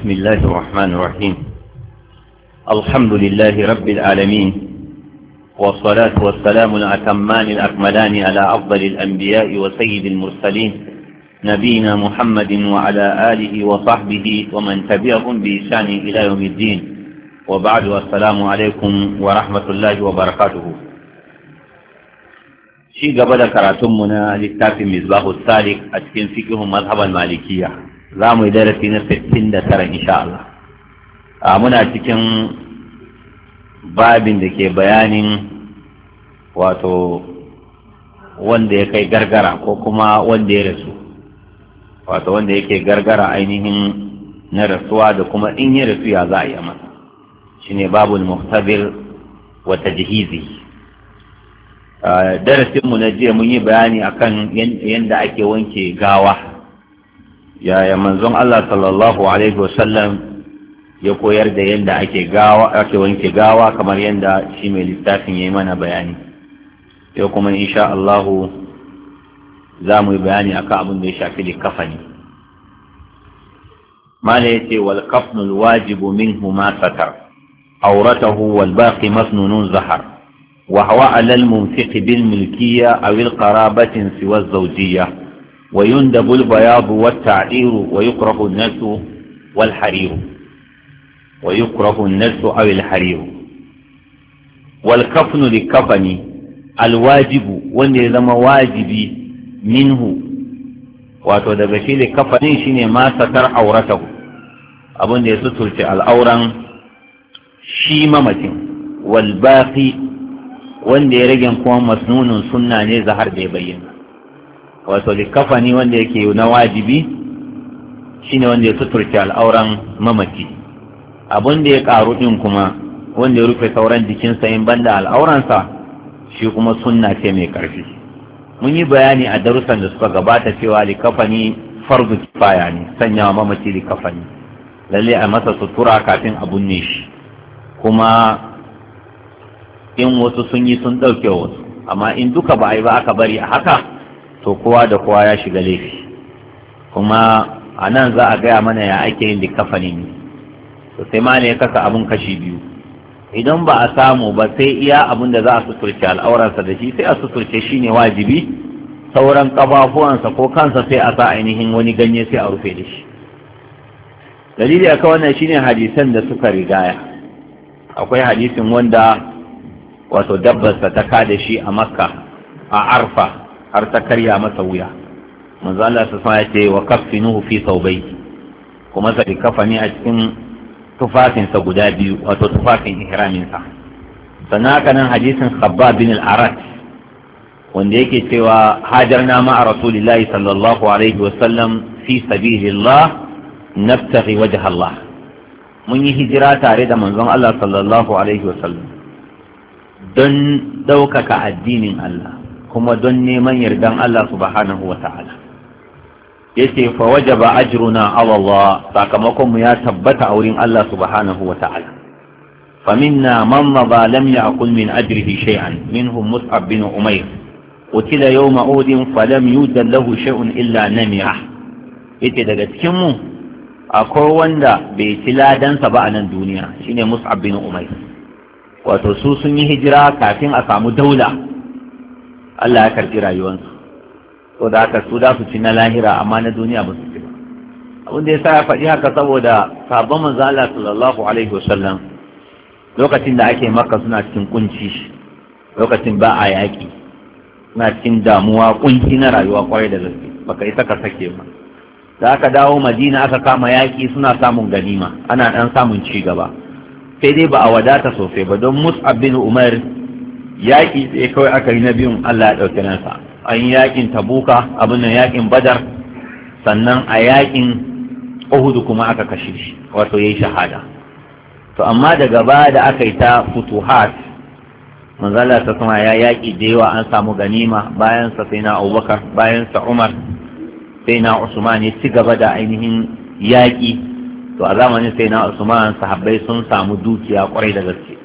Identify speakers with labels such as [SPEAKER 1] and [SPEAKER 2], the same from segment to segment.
[SPEAKER 1] بسم الله الرحمن الرحيم الحمد لله رب العالمين والصلاة والسلام الأتمان الأكملان على أفضل الأنبياء وسيد المرسلين نبينا محمد وعلى آله وصحبه ومن تبعهم بإشان إلى يوم الدين وبعد السلام عليكم ورحمة الله وبركاته شيء قبل كراتمنا للتافي مزباه السالك أتكن فيكم مذهب المالكية za mu yi darasi na tara insha Allah a muna cikin babin da ke bayanin wato wanda ya kai gargara ko kuma wanda ya rasu wato wanda yake gargara ainihin na rasuwa da kuma in ya rasu ya za a yi Shi ne babin muhtabir wata jihizi. darasinmu na jiya mun yi bayani akan yadda ake wanke gawa yaya manzon Allah sallallahu alaihi wasallam ya koyar da yadda ake gawa ake wanke gawa kamar yadda shi mai littafin ya yi mana bayani yau kuma insha Allah za mu yi bayani akan abin da ya shafi kafani. mala yace wal kafnul wajibu min ma satar auratahu wal baqi masnunun zahar wa bil على aw al qarabati siwa سوى الزوجية ويندب البياض والتعير ويكره الناس والحرير ويكره الناس أو الحرير والكفن للكفن الواجب ونظم واجبي منه واتودى وتدبشي للكفن شيني ما ستر عورته أبن يسترت الأورا شيمة متين والباقي وان دي رجم قوام مسنون سنة نيزة هر دي wato likafani wanda yake na wajibi shine wanda ya suturce al'auran mamaci abin da ya karu ɗin kuma wanda ya rufe sauran jikinsa in banda al'auransa shi kuma sunna ce mai karfi mun yi bayani a darussan da suka gabata cewa likafani farzu kifaya ne sanya sanyawa mamaci likafani lalle a masa sutura kafin a binne shi kuma in wasu sun yi sun ɗauke wasu amma in duka ba a yi ba aka bari a haka to kowa da kowa ya shiga laifi kuma a nan za a gaya mana ya ake yin likafanin to sai ma ne ya kasa abin kashi biyu idan ba a samu ba sai iya abun da za a suturce al'auransa da shi sai a suturce shi ne wajibi sauran kafafuwansa ko kansa sai a sa ainihin wani ganye sai a rufe da shi dalili kawai wannan shine hadisan da suka rigaya akwai hadisin wanda wato dabbarsa ta kada shi a makka a arfa har ta karya masa wuya manzo Allah ta sa ce wa kaffinuhu fi thawbai kuma sai kafani a cikin tufafinsa guda biyu wato tufafin ihramin sa sannan haka nan hadisin khabba bin al-arat wanda yake cewa hajar nama a rasulillahi sallallahu alaihi wa sallam fi sabilillah nabtaghi wajha Allah mun yi hijira tare da manzon Allah sallallahu alaihi wa sallam don ɗaukaka addinin Allah kuma don neman yardan Allah subhanahu wa ta'ala yace fa wajaba ajruna ala Allah sakamakon mu ya tabbata a wurin Allah subhanahu wa ta'ala فمنا من مضى لم يأكل minhu أجره شيئا منهم مصعب بن عمير قتل يوم أود فلم يوجد له illa إلا نمرة ita daga cikinmu akwai wanda bai ci ladansa ba a nan duniya shine mus'ab bin umar wato su sun yi hijira kafin a samu daula Allah ya karɓi rayuwansu to da aka su za su ci na lahira amma na duniya ba su ci ba abin da ya sa ya faɗi haka saboda sabon manzo Allah sallallahu alaihi wasallam lokacin da ake maka suna cikin kunci lokacin ba a yaƙi suna cikin damuwa kunci na rayuwa kwarai da gaske baka isa ka sake ba da aka dawo madina aka kama yaƙi suna samun ganima ana ɗan samun ci gaba sai dai ba a wadata sosai ba don mus'ab bin umar yaƙi tsaye kawai aka yi na biyun Allah ya ɗauki ransa an yi yaƙin tabuka abin nan yaƙin badar sannan a yaƙin uhudu kuma aka kashe shi wato ya yi shahada to amma daga ba da aka yi ta futuhat manzala ta kuma ya yaƙi da yawa an samu ganima bayan sa sai na abubakar bayan sa umar sai na usman ya ci gaba da ainihin yaƙi to a zamanin sai na usman sahabbai sun samu dukiya kwarai da gaske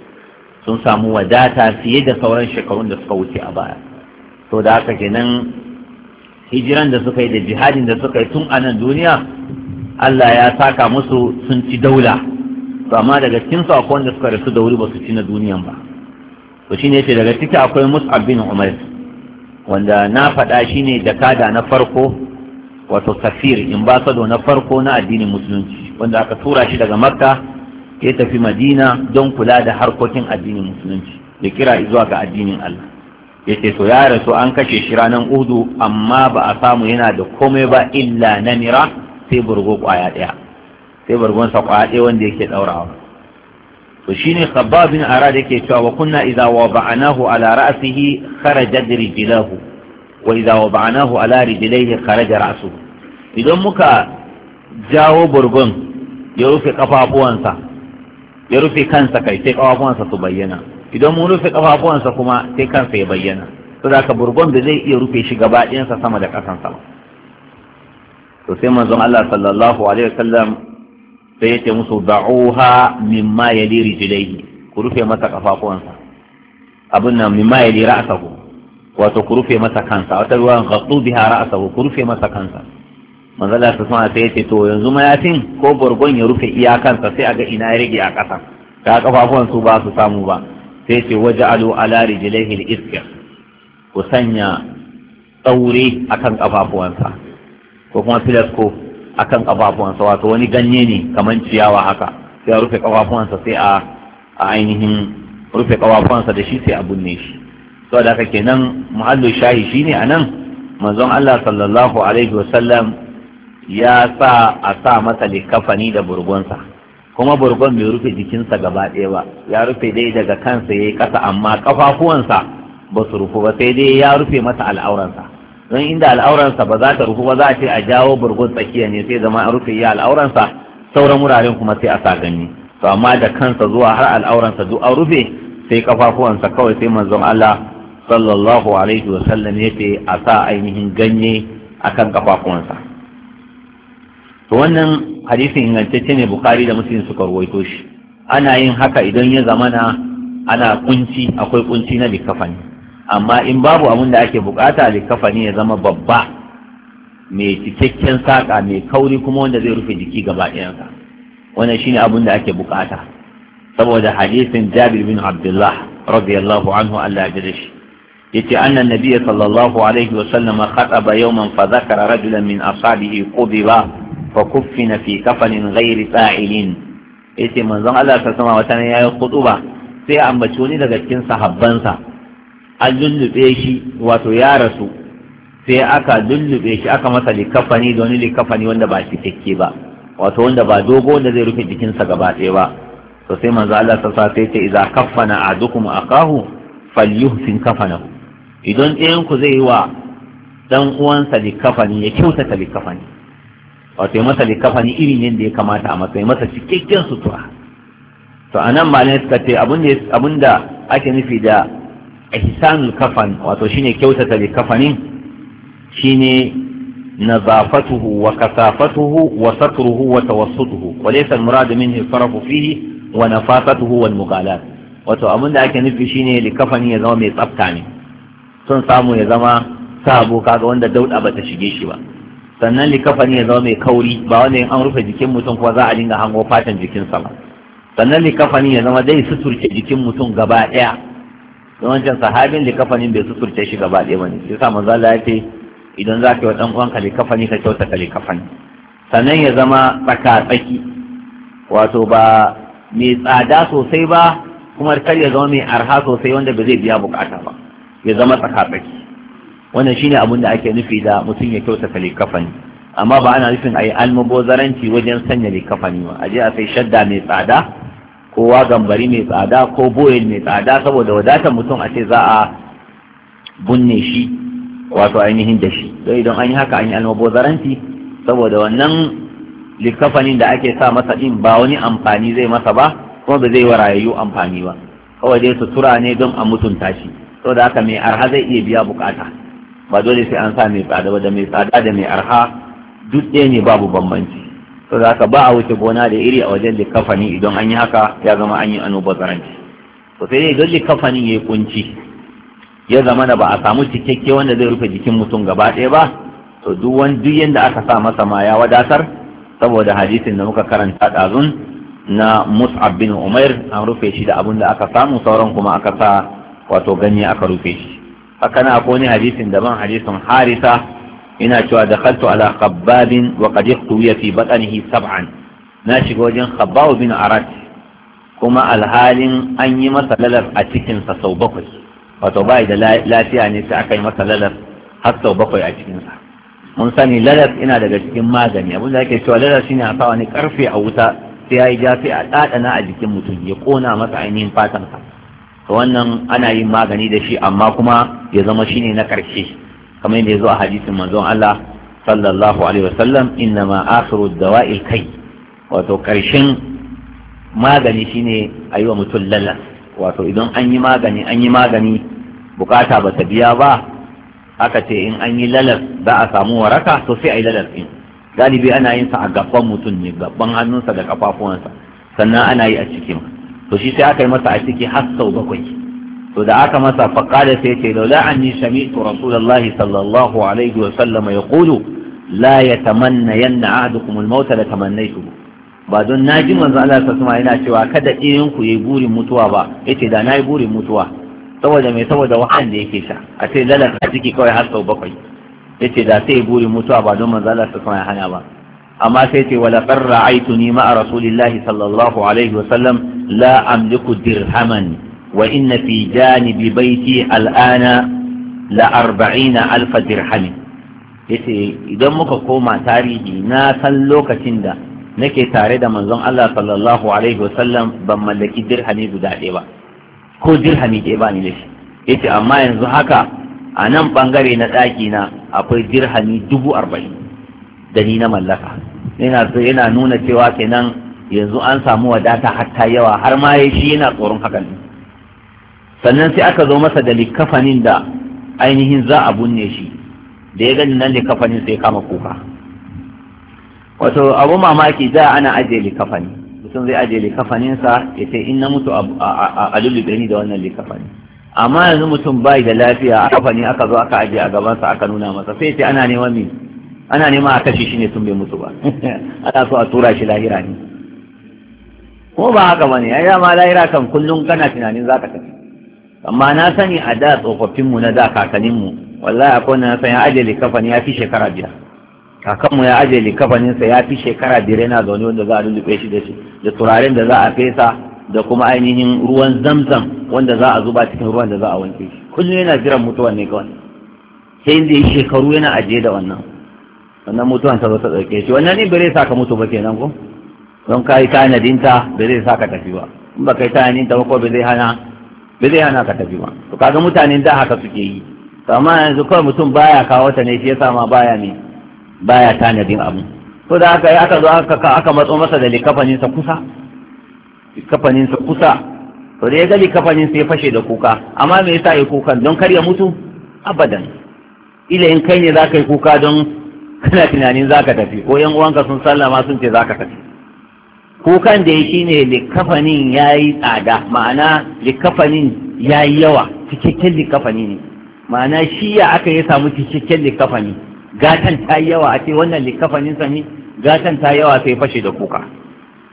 [SPEAKER 1] sun samu wadata fiye da sauran shekarun da suka wuce a baya to da haka kenan hijiran da suka yi da jihadin da suka yi tun a nan duniya Allah ya saka musu sun ci daula to amma daga cikin su akwai wanda suka rasu da wuri ba su ci na duniyan ba to shine yace daga ciki akwai Mus'ab bin Umar wanda na faɗa shine da kada na farko wato safir in ba na farko na addinin musulunci wanda aka tura shi daga Makka ya tafi madina don kula da harkokin addinin musulunci ya kira zuwa ga addinin Allah ya ce to ya rasu an kashe shi ranar udu amma ba a samu yana da komai ba illa namira sai burgo kwaya ɗaya sai burgonsa kwaya ɗaya wanda yake ɗaurawa to shine khabbab ara da yake cewa wa kunna idza wada'nahu ala ra'sihi kharaja rijlahu wa idza wada'nahu ala rijlihi kharaja ra'suhu idan muka jawo burgon ya rufe kafafuwansa ya rufe kansa kai sai kafafuwansa su bayyana idan mun rufe kafafuwansa kuma sai kansa ya bayyana to da ka burgon da zai iya rufe shi gaba ɗayansa sama da ƙasansa ba to sai manzon Allah sallallahu alaihi wasallam sai ya ce musu da'uha mimma yali rijlaihi ku rufe masa kafafuwansa abin nan mimma yali ra'sahu wato ku rufe masa kansa wata ruwan ghaddu biha ra'sahu ku rufe masa kansa manzala ta sama sai ce to yanzu mayafin ko borgon ya rufe iyakansa sai a ga ina ya rage a ƙasa ka kafafuwan su ba su samu ba sai ce waje alu ala rijlaihi al-iskir ku sanya tsaure akan kafafuwansa ko kuma filasko akan kafafuwansa wato wani ganye ne kamar ciyawa haka sai a rufe kafafuwansa sai a ainihin rufe kafafuwansa da shi sai a binne shi saboda haka kenan muhallu shahi shine anan manzon Allah sallallahu alaihi wasallam ya sa a sa masa likafani da burgonsa kuma burgon bai rufe jikinsa gaba ɗaya ba ya rufe dai daga kansa ya yi ƙasa amma kafafuwansa ba su rufu ba sai dai ya rufe masa al'auransa don inda al'auransa ba za ta rufu ba za a ce a jawo burgon tsakiya ne sai zama an rufe ya al'auransa sauran wuraren kuma sai a sa ganye to amma da kansa zuwa har al'auransa duk a rufe sai kafafuwansa kawai sai manzon Allah sallallahu alaihi sallam ya ce a sa ainihin ganye akan kafafuwansa to wannan hadisin ingantacce ne bukari da muslim suka ruwaito shi ana yin haka idan ya zamana ana kunci akwai kunci na likafani amma in babu abin da ake bukata likafani ya zama babba mai cikakken saka mai kauri kuma wanda zai rufe jiki gaba ɗayansa wannan shine abin da ake bukata saboda hadisin jabir bin abdullah radiyallahu anhu Allah ya shi yace anna nabiyya sallallahu alaihi wa sallama khataba yawman fa dhakara rajulan min ashabihi qudiba fa kuffina fi kafanin ghairi sa'ilin yace manzon Allah ta wata ne yayi khutuba sai ambaci wani daga cikin sahabbansa an lullube shi wato ya rasu sai aka lulluɓe shi aka masa likafani da wani likafani wanda ba cikakke ba wato wanda ba dogo wanda zai rufe jikinsa gaba ɗaya ba to sai manzo Allah ta sa sai ta idza kaffana ahadukum akahu falyuhsin kafanahu idan ɗayan ku zai yi wa dan uwansa likafani ya kyautata likafani wato masa likafani irin yadda ya kamata a matsayin masa cikakken sutura to a nan malamai suka ce abin da ake nufi da ihsanul kafan wato shine kyautata likafanin shine nazafatuhu wa kasafatuhu wa satruhu wa tawassutuhu wa laysa al-murad minhu fihi wa nafasatuhu wal mughalat wato abin da ake nufi shine likafani ya zama mai tsafta ne son samu ya zama sabo kaga wanda dauda bata shige shi ba sannan likafani ya zama mai kauri ba wanda in an rufe jikin mutum kuma za a dinga hango fatan sa ba sannan likafani ya zama zai suturce jikin mutum gaba ɗaya yawancin sahabin likafanin bai suturce shi gaba ɗaya ba ne sai sa manzo Allah ya ce idan za ka yi wa uwanka likafani ka kyauta ka likafani sannan ya zama tsaka tsaki wato ba mai tsada sosai ba kuma kar ya zama mai arha sosai wanda ba zai biya bukata ba ya zama tsaka tsaki wannan shine abin da ake nufi da mutum ya kyautata likafani amma ba ana nufin ayi almubozaranci wajen sanya likafani ba a je a sai shadda mai tsada ko gambari mai tsada ko boyel mai tsada saboda wadatar mutum a ce za a bunne shi wato ainihin da shi don idan an yi haka an yi almubozaranci saboda wannan likafanin da ake sa masa din ba wani amfani zai masa ba kuma ba zai wa rayayyu amfani ba kawai dai sutura ne don a mutunta shi saboda haka mai arha zai iya biya bukata ba dole sai an sa mai tsada ba da mai tsada da mai arha duk ɗaya ne babu bambanci to za ka ba a wuce gona da iri a wajen likafani idan an yi haka ya zama an yi anubazaranci to sai dai idan kafani ya yi kunci ya zama da ba a samu cikakke wanda zai rufe jikin mutum gaba ɗaya ba to duk wani duk yanda aka sa masa ma ya wadatar saboda hadisin da muka karanta ɗazun na Mus'ab bin Umair an rufe shi da abin da aka samu sauran kuma aka sa wato ganye aka rufe shi haka na akwai wani hadisin daban hadisin harisa ina cewa da khaltu ala khabbabin wa qad ikhtuya na shiga wajen khabbab bin arat kuma alhalin an yi masa lalar a cikin sau bakwai wato bai da lafiya ne sai aka yi masa lalar har bakwai a cikin mun sani lalar ina daga cikin magani abin da ake cewa lalar shine a sa wani karfe a wuta sai yayi yi jafi a ɗaɗana a jikin mutum ya ƙona masa ainihin fatansa wannan ana yin magani da shi amma kuma ya zama shine na karshe kamar yadda ya zo a hadisin manzon Allah sallallahu alaihi wasallam innama akhiru dawa'il kai wato karshen magani shine a yi wa mutum lalas wato idan an yi magani an yi magani bukata ba ta biya ba aka ce in an yi lalas za a samu waraka to sai a yi lalas ɗin. galibi ana yin sa a gaban mutum ne gaban hannunsa da kafafuwansa sannan ana yi a cikin to shi sai aka yi masa a ciki har sau bakwai to da aka masa faƙada sai ce laula anni sami'tu rasulullahi sallallahu alaihi wa sallam yaqulu la ya tamanna yanna ahadukum al-maut la tamannaytu ba don na ji manzo Allah sallallahu alaihi yana cewa kada irin ku yi burin mutuwa ba yace da nayi burin mutuwa saboda mai saboda wahalan da yake sha a ce lalata ciki kawai har sau bakwai yace da sai burin mutuwa ba don manzo Allah sallallahu ya hana ba amma sai ce wala qarra aituni ma'a rasulillahi sallallahu alaihi wasallam la amliku dirhaman wa inna fi janibi baiti al'ana la arba'ina alfa dirhamin yace idan muka koma tarihi na san lokacin da nake tare da manzon Allah sallallahu alaihi wasallam ban mallaki dirhami guda ɗaya ba ko dirhami ɗaya ba ni da yace amma yanzu haka a nan bangare na ɗaki na akwai dirhami dubu arba'in da ni na mallaka yana so yana nuna cewa kenan yanzu an samu wadata hatta yawa har ma ya shi yana tsoron hakan sannan sai aka zo masa da likafanin da ainihin za a bunne shi da ya gani nan likafanin sai kama kuka wato abu mamaki da ana ajiye likafani mutum zai ajiye likafaninsa ya ce in na mutu a lullube ni da wannan likafani amma yanzu mutum bai da lafiya a kafani aka zo aka ajiye a gabansa aka nuna masa sai sai ana neman mai ana nema a kashe shi ne tun bai mutu ba ana so a tura shi lahira ne ko ba haka bane ya ma lahira kan kullum kana tunanin za ka tafi amma na sani a da tsofaffin mu na da kakannin mu wallahi akwai na san ya likafani ya fi shekara biyar kakan mu ya ajiye likafanin sa ya fi shekara biyar yana zaune wanda za a lulluɓe shi da shi da turaren da za a fesa da kuma ainihin ruwan zamzam wanda za a zuba cikin ruwan da za a wanke shi kullum yana jiran mutuwan ne kawai sai inda ya shekaru yana ajiye da wannan Wannan mutuwan ta zo ta ɗauke shi wannan ɗin bare sa ka mutu ba kenan ko don ka yi tanadinta ba zai sa ka tafi ba in ba kai tanadinta ba ko ba zai hana ba zai hana ka tafi ba to kaga mutanen da haka suke yi to amma yanzu kawai mutum baya kawo ta ne shi yasa ma baya ne baya tanadin abu to da aka yi aka zo aka aka matso masa da likafanin sa kusa likafanin sa kusa to da ya ga likafanin sa ya fashe da kuka amma me yasa ya kukan don kar ya mutu abadan ila in kai ne za ka yi kuka don kana tunanin za ka tafi ko yan uwanka sun sallama sun ce za ka tafi kukan da ya shi ne likafanin ya yi tsada ma'ana likafanin ya yawa cikakken likafani ne ma'ana shi ya aka ya samu cikakken likafani gatan ta yawa a ce wannan likafanin sami gatan ta yawa sai fashe da kuka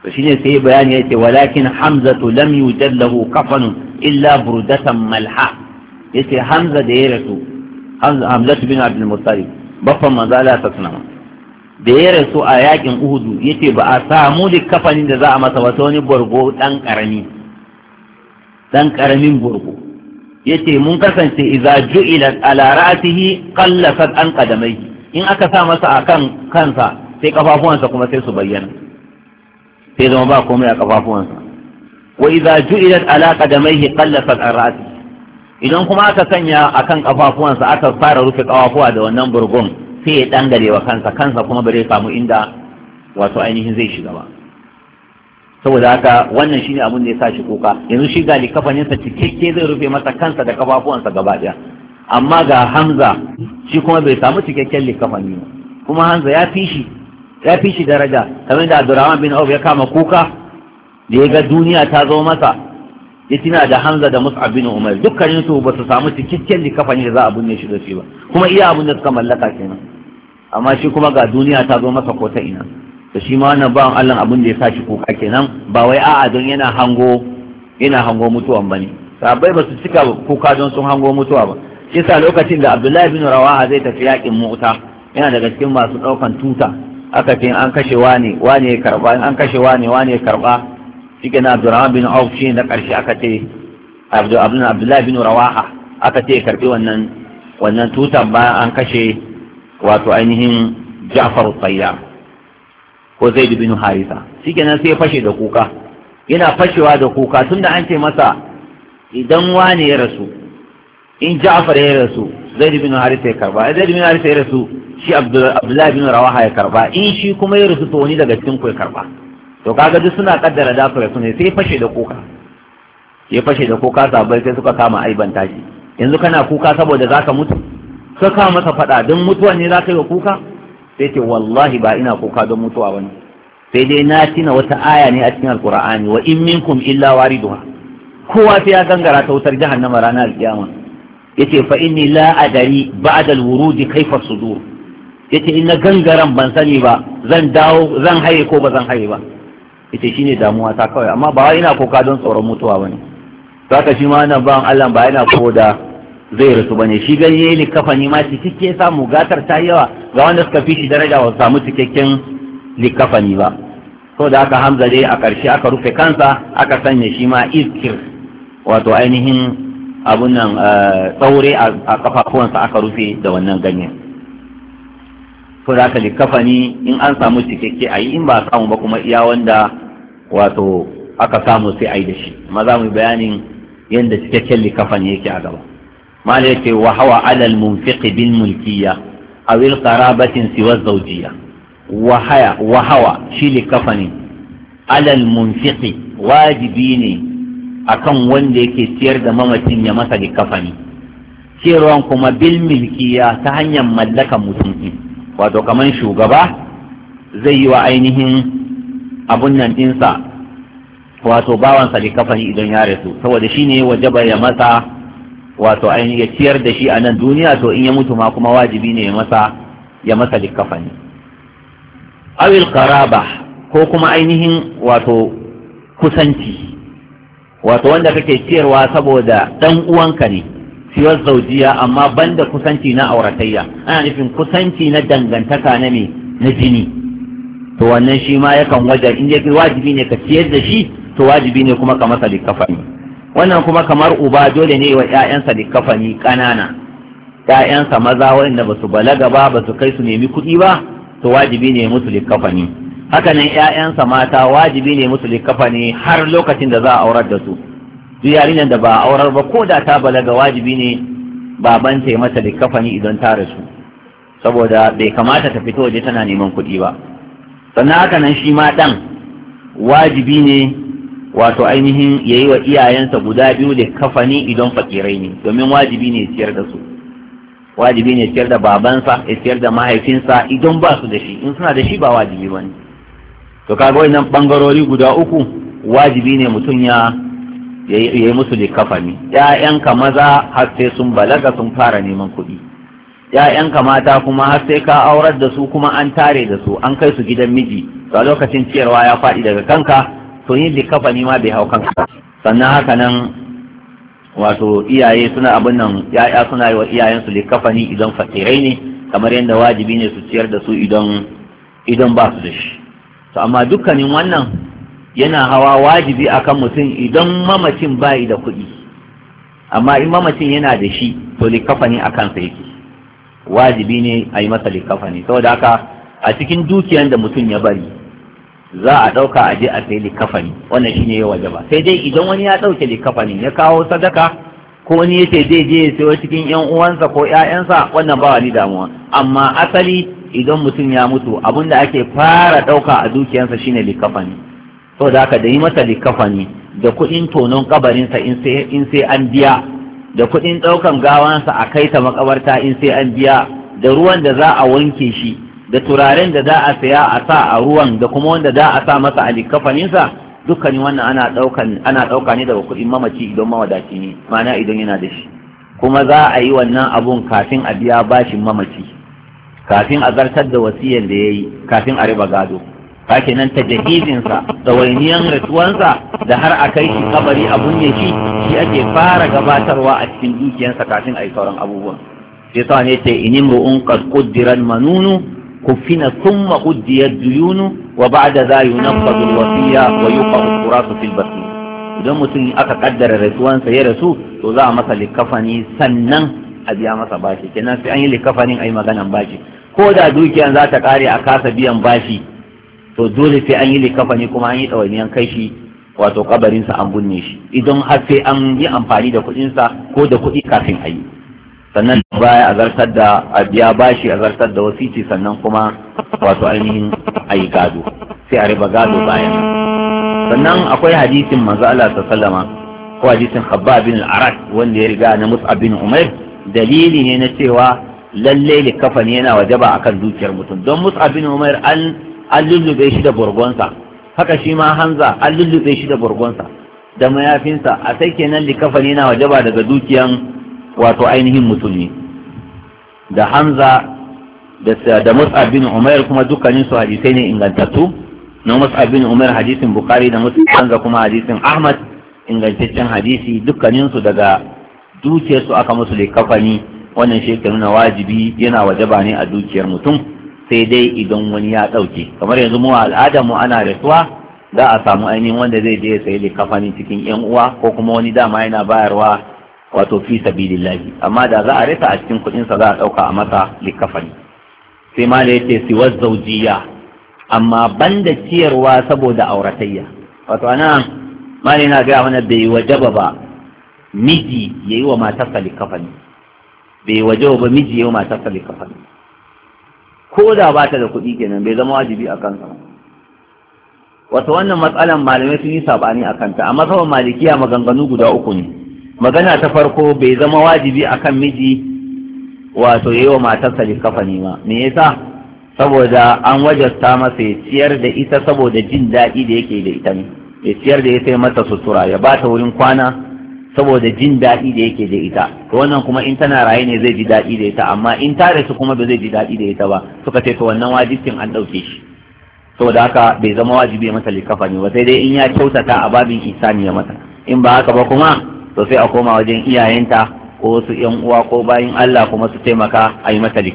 [SPEAKER 1] to shine sai bayani yace walakin hamzatu lam yujad lahu kafanun illa burdatan malha yace hamza da ya rasu hamza bin abdul muttalib baffan manzala ta sunama da ya rasu a yakin uhudu ya ce ba a samu duk kafanin da za a masa wata wani borgo dan ƙarami Dan ƙaramin borgo ya ce mun kasance iza ju'ila ala ra'atihi qallasat an qadamai in aka sa masa akan kansa sai kafafuwansa kuma sai su bayyana sai zama ba komai a kafafuwansa wa iza ju'ilat ala qadamaihi qallasat an ra'atihi idan kuma aka sanya akan kafafuwansa aka fara rufe ƙafafuwa da wannan burgon, sai ya ɗangare wa kansa kansa kuma bare samu inda wato ainihin zai shiga ba saboda haka wannan shine abin da ya sa shi kuka yanzu shi ga likafaninsa cikakke zai rufe masa kansa da kafafuwansa gaba ɗaya amma ga hamza shi kuma bai samu cikakken likafani ba kuma hamza ya fi shi ya fi shi daraja kamar da abdurrahman bin auf ya kama kuka da ya ga duniya ta zo masa ya tina da hanza da musu bin Umar dukkanin su ba su samu cikakken likafani da za a binne shi da shi ba kuma iya abin da suka mallaka kenan amma shi kuma ga duniya ta zo masa ko ta ina da shi ma wannan ba Allah abin da ya sa shi kuka kenan ba wai a'a don yana hango yana hango mutuwan bane sabai ba su cika kuka don sun hango mutuwa ba shi sa lokacin da Abdullahi bin Rawaha zai tafi yakin Mu'ta yana daga cikin masu daukan tuta aka ce an kashe wani wani ya karba an kashe wani wani ya karba shi na abdurrahman bin auf shi da ƙarshe aka ce abdullahi bin rawaha aka ce karɓi wannan wannan tutan ba an kashe wato ainihin ja'far Tsayya ko zaid bin harisa shi nan sai fashe da kuka yana fashewa da kuka tunda an ce masa idan wane ya rasu in ja'far ya rasu zaid bin harisa ya karba zaid bin harisa ya rasu shi abdullahi bin rawaha ya karba in shi kuma ya rasu to wani daga cikin ku ya karba to kaga duk suna kaddara dafara su ne sai fashe da kuka ya fashe da kuka sabai sai suka kama aiban tashi yanzu kana kuka saboda zaka mutu suka kama masa fada don mutuwa ne zaka yi kuka sai ce wallahi ba ina kuka don mutuwa wani sai dai na tina wata aya ne a cikin alkur'ani wa in minkum illa wariduha kowa sai ya gangara ta wutar jahannama ranar alkiyama yace fa inni la adari ba'da alwurud kayfa sudur yace in na gangaran ban sani ba zan dawo zan haye ko ba zan haye ba shi shine damuwa ta kawai amma ba ina kuka don tsoron mutuwa ba ne? Za ka shi ma nan ban Allah ba yana ko da zai rasu ba ne. shi ganye ne kafani ma cikakke samu gatar ta yawa ga wanda suka fi shi daraja ba samu cikakken likafani ba so da aka hamza dai a ƙarshe aka rufe kansa aka sanya shi ma iskir wato ainihin abun nan eh, tsaure a kafafuwansa aka rufe da wannan ganyen so da in an samu cikakke a yi in ba samu ba kuma iya wanda wato aka samu sai a yi da shi amma za mu yi bayanin yadda cikakken likafani yake a gaba mala yake wa hawa alal munfiqi bil mulkiya aw il qarabatin siwa zawjiyya wa haya wa hawa shi likafani alal munfiqi wajibi ne akan wanda yake ciyar da mamacin ya masa likafani ciyarwan kuma bil milkiya ta hanyar mallaka mutum wato kamar shugaba zai yi wa ainihin abun nan dinsa wato bawansa ne kafani idan ya rasu saboda shi ne wajaba ya masa wato ainihin ya ciyar da shi a nan duniya to in ya mutu ma kuma wajibi ne ya masa ya masa likafani awil karaba ko kuma ainihin wato kusanci wato wanda kake ciyarwa saboda ɗan uwanka ne siwar zaujiya amma banda kusanci na auratayya ana nufin kusanci na dangantaka na me na jini to wannan shi ma yakan waje in ya wajibi ne ka ciyar da shi to wajibi ne kuma ka masa likafani wannan kuma kamar uba dole ne wa ƴaƴansa likafani ƙanana ƴaƴansa maza waɗanda ba su balaga ba ba su kai su nemi kuɗi ba to wajibi ne musu likafani hakanan ƴaƴansa mata wajibi ne musu likafani har lokacin da za a aurar da su duk yarinyar da ba aurar ba ko da ta balaga wajibi ne baban ta mata da kafani idan ta rasu saboda bai kamata ta fito waje tana neman kuɗi ba sannan haka nan shi ma ɗan wajibi ne wato ainihin ya yi wa iyayensa guda biyu da kafani idan fakirai ne domin wajibi ne siyar da su wajibi ne siyar da babansa ya siyar da mahaifinsa idan ba su da shi in suna da shi ba wajibi ba ne to kaga wannan bangarori guda uku wajibi ne mutum ya ya yi musu likafani ‘ya'yanka maza har sai sun balaga sun fara neman kuɗi ‘ya'yanka mata kuma har sai ka aurar da su kuma an tare da su an kai su gidan miji a lokacin ciyarwa ya faɗi daga kanka to yin likafani ma bai hau kanka sannan haka nan wato iyaye suna abin nan ‘ya'ya suna yi wa iyayensu likafani idan fakirai ne kamar yadda wajibi ne su ciyar da su idan idan ba su da shi to amma dukkanin wannan yana hawa wajibi akan mutum idan mamacin bai da kuɗi amma in mamacin yana da shi to likafani a kansa yake wajibi ne a yi masa likafani saboda haka a cikin dukiyan da mutum ya bari za a ɗauka a je a sai likafani wannan shine ya ba. sai dai idan wani ya ɗauke likafanin ya kawo sadaka ko wani ya ce zai je ya sayo cikin yan uwansa ko ƴaƴansa wannan ba wani damuwa amma asali idan mutum ya mutu abin da ake fara ɗauka a dukiyansa shine likafani so da haka da yi masa likafani da kuɗin tonon kabarinsa in sai an biya da kuɗin ɗaukan gawansa a kai ta makabarta in sai an biya da ruwan da za a wanke shi da turaren da za a saya a sa a ruwan da kuma wanda za a sa masa a likafaninsa dukkanin wannan ana ɗaukan ana ɗauka ne daga kuɗin mamaci idan mawadaci ne ma'ana idan yana da shi kuma za a yi wannan abun kafin a biya bashin mamaci kafin a zartar da wasiyan da ya yi kafin a riba gado kake nan ta jahizinsa da wainiyan rituwansa da har a kai shi kabari a bunye shi shi ake fara gabatarwa a cikin dukiyarsa kafin a yi sauran abubuwan sai sa ne ce inim ru'un qad quddiran manunu kufina thumma quddiya duyunu wa ba'da za yunqadu al wa yuqadu al fil basir idan mutum aka kaddara rasuwansa ya rasu to za a masa likafani sannan a biya masa bashi kenan sai an yi likafanin a yi maganan bashi ko da dukiyan za ta kare a kasa biyan bashi to dole sai an yi likafani kuma an yi ɗawainiyan kai shi wato kabarinsa an bunne shi idan har sai an yi amfani da kuɗinsa ko da kuɗi kafin a yi sannan baya a zartar da a biya bashi a zartar da wasiti sannan kuma wato ainihin a yi gado sai a riba gado bayan
[SPEAKER 2] sannan akwai
[SPEAKER 1] hadisin manzo Allah sallama ko hadisin Habba bin al wanda ya riga na Mus'ab bin Umair dalili ne na cewa lalle likafani yana wajaba akan dukiyar mutum don Mus'ab bin Umair an an lullube shi da borgonsa, haka shi ma hanza an lullube shi da borgonsa, da mayafinsa a sai kenan likafani na wajaba daga dukiyan wato ainihin musulmi da hanza da mus'ab bin umair kuma dukkanin su hadisai ne ingantattu na mus'ab bin umair hadisin bukhari da mus'ab hamza kuma hadisin ahmad ingantaccen hadisi dukkanin su daga dukiyarsu aka musu likafani wannan shekaru na wajibi yana wajaba ne a dukiyar mutum sai dai idan wani ya ɗauke kamar yanzu mu al'ada mu ana rasuwa za a samu ainihin wanda zai je sai da kafani cikin yan uwa ko kuma wani dama yana bayarwa wato fi sabilillahi amma da za a rasa a cikin kuɗin sa za a ɗauka a masa likafani sai ma da yace siwa zaujiya amma banda ciyarwa saboda auratayya wato ana mali na ga mana bai wajaba ba miji yayi wa matarsa likafani bai wajaba ba miji yayi wa matarsa likafani ko da ba ta da kuɗi kenan bai zama wajibi a kansa wata wannan matsalan malamai sun yi saɓani a kanta amma saboda malikiya maganganu guda uku ne magana ta farko bai zama wajibi a kan miji wato yi wa matarsa ne ma me ya sa? saboda an wajasta masa ya ciyar da ita saboda jin daɗi da yake da ita ne ya ciyar da ya sai mata sutura ya ba ta wurin kwana saboda jin daɗi da yake da ita to wannan kuma in tana raye ne zai ji daɗi da ita amma in ta rasu kuma ba zai ji daɗi da ita ba suka ce to wannan wajibin an ɗauke shi saboda haka bai zama wajibi mata ne ba sai dai in ya kyautata a babin isani ya mata in ba haka ba kuma to sai a koma wajen iyayenta ko su yan uwa ko bayin Allah kuma su taimaka a yi mata ne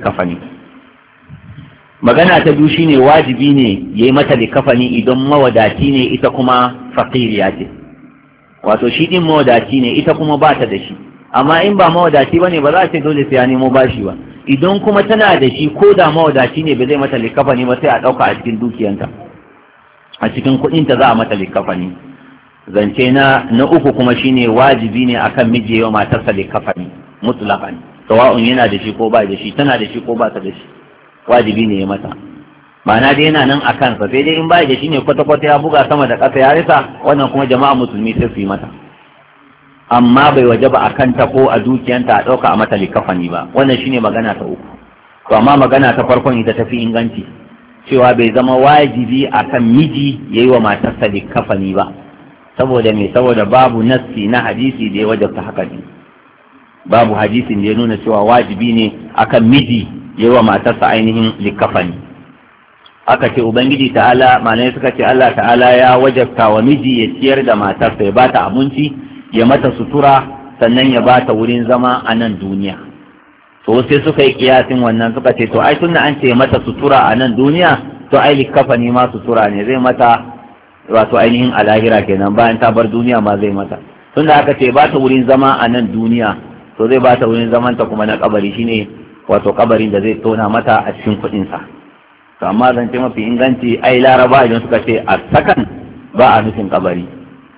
[SPEAKER 1] magana ta biyu shine wajibi ne ya yi mata ne idan mawadaci ne ita kuma fakiriya ce wato shi din mawadaci ne ita kuma ba ta da shi amma in ba mawadaci bane ba za a ce dole sai ya nemo bashi ba idan kuma tana da shi ko da mawadaci ne ba zai mata likafa ne ba sai a ɗauka a cikin dukiyanta a cikin ta za a mata likafa ne zance na na uku kuma shine wajibi ne akan miji yawa matarsa likafa ne mutlaqan sawa'un yana da shi ko ba da shi tana da shi ko ba ta da shi wajibi ne ya mata ma'ana dai yana nan a kansa sai dai in ba ya shi ne kwata-kwata ya buga sama da ƙasa ya risa wannan kuma jama'a musulmi sai su yi mata amma bai waje ba a kanta ko a dukiyanta a ɗauka a mata likafani ba wannan shine magana ta uku to amma magana ta farkon ita ta fi inganci cewa bai zama wajibi a kan miji ya yi wa matarsa likafani ba saboda me saboda babu nassi na hadisi da ya wajabta haka ne babu hadisin da ya nuna cewa wajibi ne akan miji ya yi wa matarsa ainihin likafani aka ce ubangiji ta'ala malai suka ce Allah ta'ala ya wajabta wa miji ya ciyar da matarsa ya bata abinci ya mata sutura sannan ya bata wurin zama a nan duniya to sai suka yi kiyasin wannan suka ce to ai da an ce mata sutura a nan duniya to ai likafani ma sutura ne zai mata wato ainihin alahira kenan bayan ta bar duniya ma zai mata da aka ce bata wurin zama a nan duniya to zai bata wurin zamanta kuma na kabari shine wato kabarin da zai tona mata a cikin kuɗinsa. sa to amma zance mafi inganci ai laraba idan suka ce a sakan ba a nufin kabari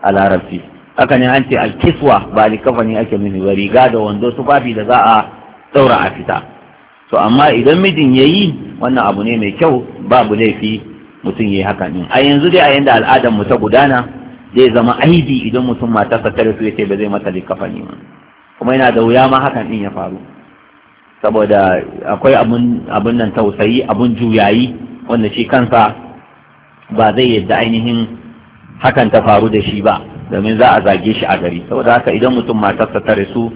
[SPEAKER 1] a larabci haka ne an ce alkiswa ba likafani ake nufi ba riga da wando tufafi da za a daura a fita to amma idan mijin ya yi wannan abu ne mai kyau babu laifi mutum ya yi haka ne a yanzu dai a yanda al'adar mu ta gudana zai zama aibi idan mutum matarsa ta su ya ce ba zai mata likafani ba kuma yana da wuya ma hakan din ya faru saboda akwai abun nan tausayi abun juyayi wanda shi kansa ba zai yadda ainihin hakan ta faru da shi ba domin za a zage shi a gari saboda haka idan mutum matarsa ta rasu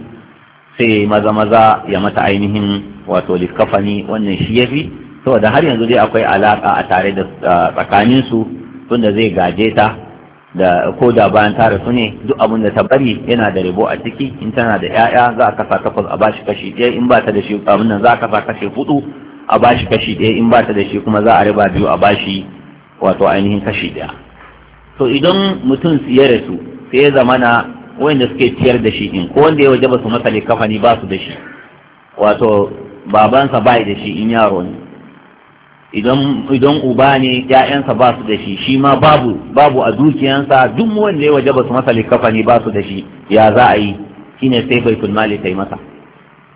[SPEAKER 1] sai maza maza ya mata ainihin wato likafani wannan shi ya fi. saboda har yanzu dai akwai alaka a tare da tsakaninsu tunda zai gaje ta da ko da bayan ta rasu ne duk abin da ta bari yana da rabo a ciki in tana da 'ya'ya za a kasa takwas a bashi kashi ɗaya in ba ta da shi abin nan za a kasa kashi hudu a bashi kashi ɗaya in ba ta da shi kuma za a riba biyu a bashi wato ainihin kashi ɗaya to idan mutum ya rasu sai ya na wanda suke ciyar da shi in ko wanda ya waje ba su masa kafani ba su da shi wato babansa bai da shi in yaro ne idan uba ne ‘ya'yansa ba su da shi shi ma babu a dukiyansa duk wanda ya waje ba su masa ne ba su da shi ya za a yi ne sai bai mali ta yi masa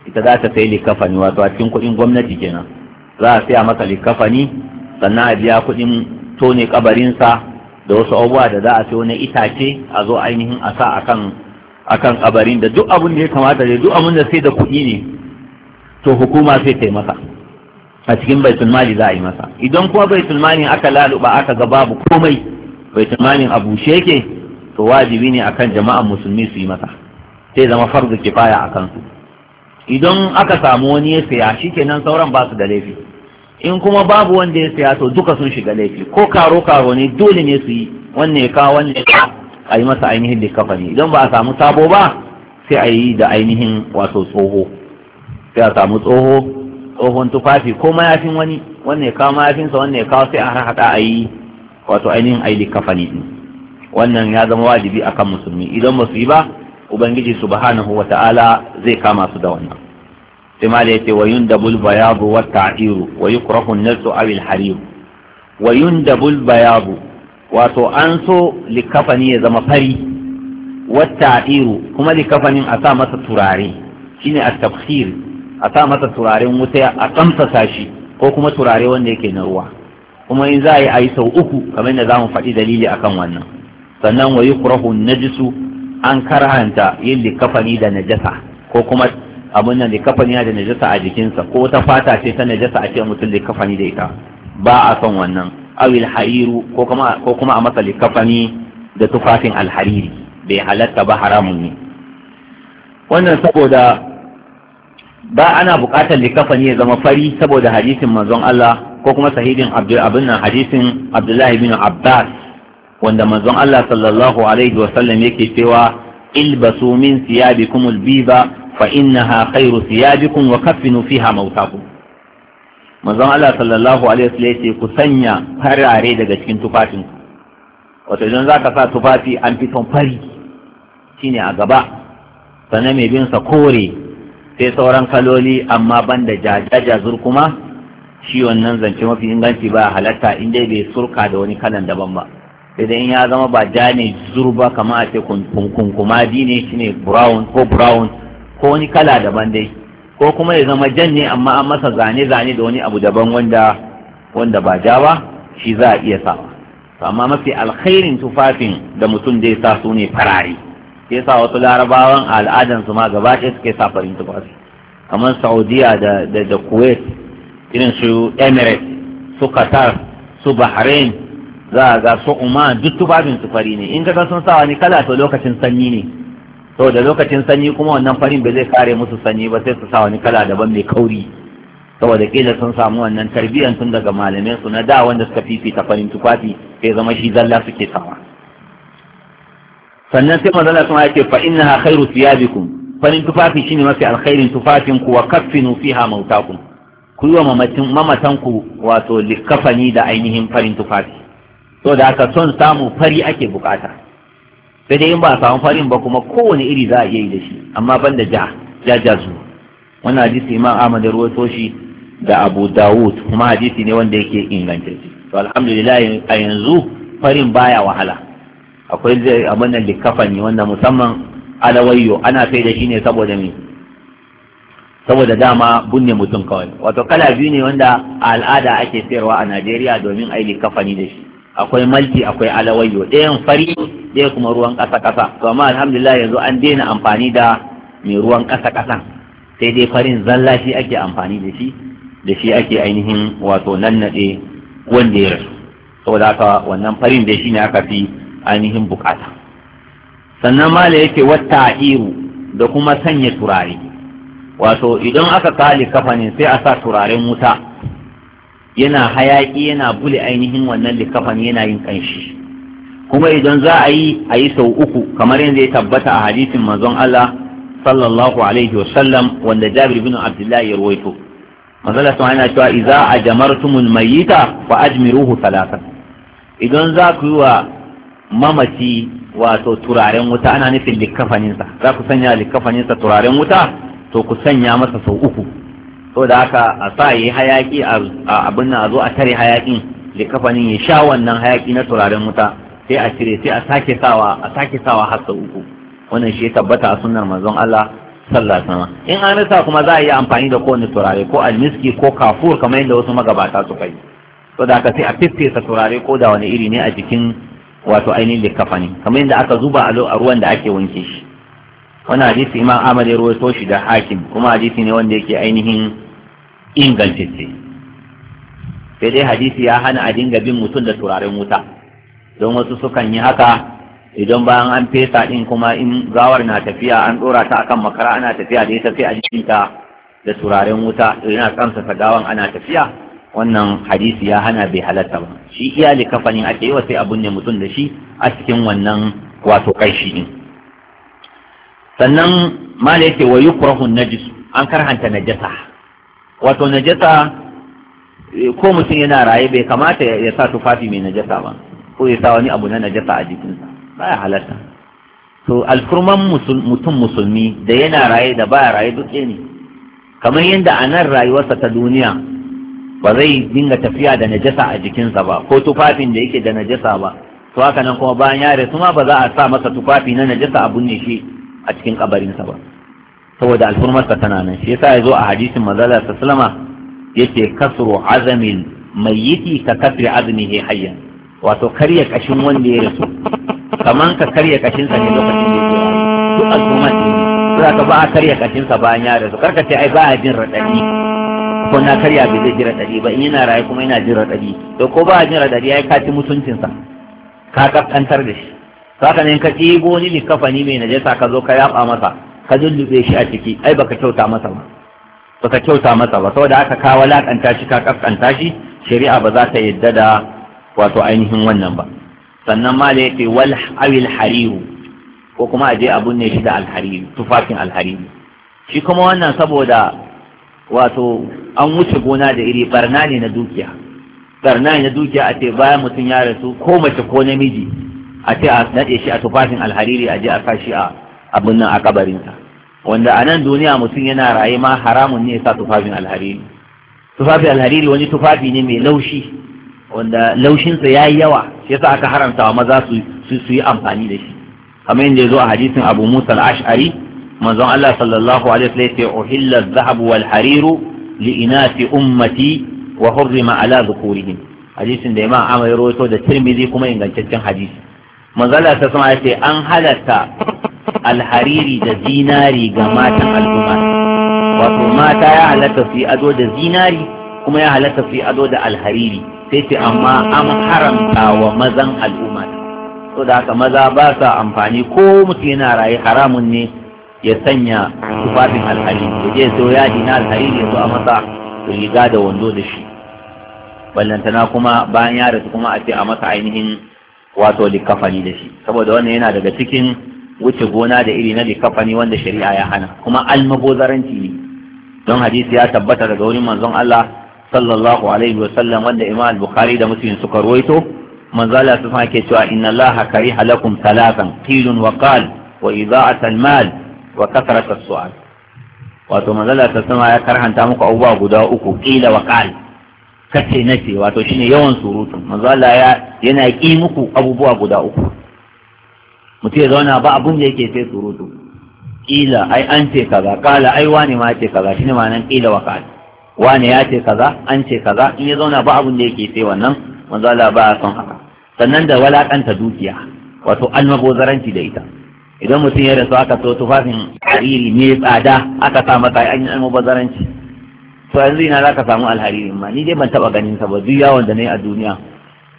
[SPEAKER 1] ita za ta sai ne wato a cikin kuɗin gwamnati kenan za a siya masa ne sannan a biya kuɗin tone kabarinsa da wasu abubuwa da za a sayo na itace a zo ainihin a sa akan akan kabarin da duk abin da ya kamata da duk abin da sai da kuɗi ne to hukuma sai ta yi masa a cikin baitul mali za a yi masa idan kuma bai mali aka laluba aka ga babu komai baitul mali a bushe yake to wajibi ne akan jama'an musulmi su yi masa sai zama farzu kifaya a kansu idan aka samu wani ya saya shi kenan sauran ba su da laifi in kuma babu wanda ya saya to duka sun shiga laifi ko karo karo ne dole ne su yi wanne ya kawo wanne ya a yi masa ainihin likafani idan ba a samu sabo ba sai a yi da ainihin wato tsoho sai a samu tsoho tsohon tufafi ko mayafin wani wannan ya kawo mayafinsa wannan ya kawo sai a harhaɗa a yi wato ainihin aili kafani ɗin wannan ya zama wajibi akan musulmi idan ba su yi ba ubangiji subhanahu wa ta'ala zai kama su da wannan sai ma da yace wa yundabul bayabu wa ta'iru wa yukrahu an-nasu aw hariru harir wa yundabul bayabu wato an so likafani ya zama fari wa ta'iru kuma likafanin a sa masa turare shine a tafsiri a sa masa turaren wuta a tsamsasa shi ko kuma turare wanda yake na ruwa kuma in za a yi a yi sau uku kamar da za mu faɗi dalili akan wannan sannan wa yukrahu najisu an karhanta yin likafani da najasa ko kuma abin nan likafani da najasa a jikinsa ko wata fata ce ta najasa a ce mutum likafani da ita ba a son wannan awil hariru ko kuma ko kuma a masa likafani da tufafin alhariri bai halatta ba haramun ne wannan saboda ba ana buƙatar likafani ya zama fari saboda hadisin manzon Allah ko kuma sahihin abin nan hadisin Abdullahi bin Abbas wanda manzon Allah sallallahu alaihi wa sallam yake cewa ilbasu min siyabikum albiba fa innaha khairu siyabikum wa kaffinu fiha mautakum manzon Allah sallallahu alaihi wa sallam yake ku sanya farare daga cikin tufafin wato idan zaka sa tufafi an fiton fari shine a gaba sannan mai bin sa kore sai sauran kaloli amma ban da zur kuma shi wannan zance mafi inganci ba halatta in dai bai surka da wani kalan daban ba idan ya zama ba ja ne zur ba kamar a ce kunkumadi ne ne brown ko brown ko wani kala daban dai ko kuma ya zama jan ne amma an masa zane-zane da wani abu daban wanda wanda ba ja ba shi za a iya sawa amma mafi alkhairin tufafin da mutum zai sa su ne farare ke sa wasu larabawan al'adan su ma gaba ɗaya suke sa farin tufafi kamar saudiya da da kuwait irin su emirates su qatar su bahrain za a ga su umma duk tufafin su fari ne in ka sun sa wani kala to lokacin sanyi ne to da lokacin sanyi kuma wannan farin ba zai kare musu sanyi ba sai su sa wani kala daban mai kauri saboda kila sun samu wannan tarbiyyar tun daga malamai su na da wanda suka fifita farin tufafi sai zama shi zalla suke sawa sannan sai manzala kuma yake fa innaha khairu thiyabikum farin tufafi shine mafi alkhairin tufafin ku wa kaffinu fiha mautakum ku yi wa mamatan ku wato likafani da ainihin farin tufafi to da aka son samu fari ake bukata sai dai in ba samu farin ba kuma kowane iri za a iya yi da shi amma ban da ja ja ja zu wannan hadisi imam ahmad da ruwaito shi da abu dawud kuma hadisi ne wanda yake ingantacce to alhamdulillah a yanzu farin baya wahala akwai zai abin da ne wanda musamman alawayyo ana sai da shi ne saboda ne saboda dama bunne mutum kawai wato kala biyu ne wanda a al'ada ake sayarwa a Najeriya domin ai likafani da shi akwai malti akwai alawayyo ɗayan fari ɗaya kuma ruwan ƙasa ƙasa to amma alhamdulillah yanzu an daina amfani da mai ruwan ƙasa ƙasan sai dai farin zalla shi ake amfani da shi da shi ake ainihin wato nannaɗe wanda ya rasu saboda haka wannan farin da shi ne aka fi ainihin bukata sannan mala yake wata iru da kuma sanya turare wato idan aka kali kafanin sai a sa turaren wuta yana hayaki yana bule ainihin wannan likafan yana yin kanshi kuma idan za a yi a yi sau uku kamar yadda ya tabbata a hadisin manzon Allah sallallahu alaihi wasallam wanda Jabir bin abdullahi ya ruwaito manzon Allah yana cewa idza ajamartumul mayyita fa ajmiruhu thalathan idan za ku yi wa mamaci wato turaren wuta ana nufin likkafaninsa za ku sanya likkafaninsa turaren wuta to ku sanya masa sau uku to da haka a sa yi hayaki a abin a zo a tare hayakin likkafanin ya sha wannan hayaki na turaren wuta sai a cire sai a sake sawa a sake sawa har sau uku wannan shi tabbata a sunnar manzon Allah sallah in an rasa kuma za a yi amfani da kowane turare ko almiski ko kafur kamar yadda wasu magabata suka yi to da haka sai a fiffesa turare ko da wani iri ne a jikin wato ainihin da kafani kamar yadda aka zuba a ruwan da ake wanke shi wani hadisi imam ahmad ya rawaito shi da hakim kuma hadisi ne wanda yake ainihin ingantacce sai dai hadisi ya hana a dinga bin mutum da turaren wuta don wasu sukan yi haka idan bayan an fesa din kuma in gawar na tafiya an dora ta akan makara ana tafiya da ita sai a jikinta da turaren wuta yana kamsa gawan ana tafiya wannan hadisi ya hana bai halatta ba shi iyali kafanin ake yi sai abun ne mutum da shi a cikin wannan wato ƙarshi din sannan mala yake wa yukrahu najis an karhanta najasa wato najasa ko mutum yana raye bai kamata ya sa tufafi mai najasa ba ko ya sa wani abu na najasa a jikinsa ba ya halatta to alfurman mutum musulmi da yana raye da baya raye duk ne kamar yadda a nan rayuwarsa ta duniya ba zai dinga tafiya da najasa a jikinsa ba ko tufafin da yake da najasa ba to haka nan kuma bayan ya rasu ma ba za a sa masa tufafi na najasa a binne shi a cikin kabarinsa ba saboda alfurmarsa tana nan shi yasa ya zo a hadisin manzala sallama yake kasru azamin mayyiti ka kasri azmihi hayyan wato karya kashin wanda ya rasu kaman ka karya kashinsa ne lokacin da ya duk al'umma ne za ka ba a karya kashinsa bayan ya rasu karka ce ai ba a jin raɗaɗi ko na karya bai zai jira ɗari ba in yana raye kuma yana jira ɗari to ko ba jira ɗari ya ka ci mutuncinsa ka kaskantar da shi saka ne ka ɗibo ni likafani mai najasa ka zo ka yaba masa ka lullube shi a ciki ai baka kyauta masa ba baka kyauta masa ba saboda haka ka walakanta shi ka kaskanta shi shari'a ba za ta yadda da wato ainihin wannan ba sannan ma da yake wal awil hariru ko kuma a je abun ne shi da alhariru tufafin alhariru shi kuma wannan saboda wato an wuce gona da iri barna ne na dukiya barna ne na dukiya a ce bayan mutum ya rasu ko mace ko namiji a ce a naɗe shi a tufafin alhariri a je a kashi a abin nan a kabarinsa wanda a nan duniya mutum yana raye ma haramun ne ya sa tufafin alhariri tufafin alhariri wani tufafi ne mai laushi wanda laushinsa ya yi yawa shi yasa aka haramta wa maza su yi amfani da shi kamar yadda ya zo a hadisin abu musa al-ash'ari manzon allah sallallahu alaihi wasallam ya ce uhilla wal hariru لإناث أمتي وحرم على ذكورهم حديث ده إمام عمر رويته ده ترمذي كما إن كان حديث من قال الله سمع أن هلك الحريري ده زيناري جماعة الأمة وما يا هلك في أدو ده زيناري كما يا هلك في أدو ده الحريري سيتي أما أم حرمتا ومزن الأمة to da haka maza ba sa amfani ko mutum yana raye haramun ne ya sanya tufafin alhari ya je so yadi na alhari ya zo a masa riga da wando da shi ballantana kuma bayan ya rasu kuma a ce a masa ainihin wato likafani da shi saboda wannan yana daga cikin wuce gona da iri na likafani wanda shari'a ya hana kuma almabozaranci ne don hadisi ya tabbata daga wurin manzon Allah sallallahu alaihi wa sallam wanda Imam al-Bukhari da Muslim suka ruwaito manzo Allah sun ke cewa inna Allah kariha lakum salatan qilun wa qal wa idha'at al-mal wa kasarata su'al wato manzala ta sama ya karhanta muku abubuwa guda uku ƙila wa qal kace ce wato shine yawan surutu manzala ya yana ƙi muku abubuwa guda uku mutum ya zauna ba abun da yake sai surutu Ƙila, ai an ce kaza Ƙala, ai wani ma ce kaza shine ma'anan ƙila wa qal wani ya ce kaza an ce kaza in ya zauna ba abun da yake sai wannan manzala ba son haka sannan da walakanta dukiya wato almabozaranci da ita idan mutum ya rasu aka so tufafin hariri ne tsada aka sa masa an yi almubazzaranci to yanzu ina za ka samu alhariri ma ni dai ban taba ganin sa ba duk yawon da na yi a duniya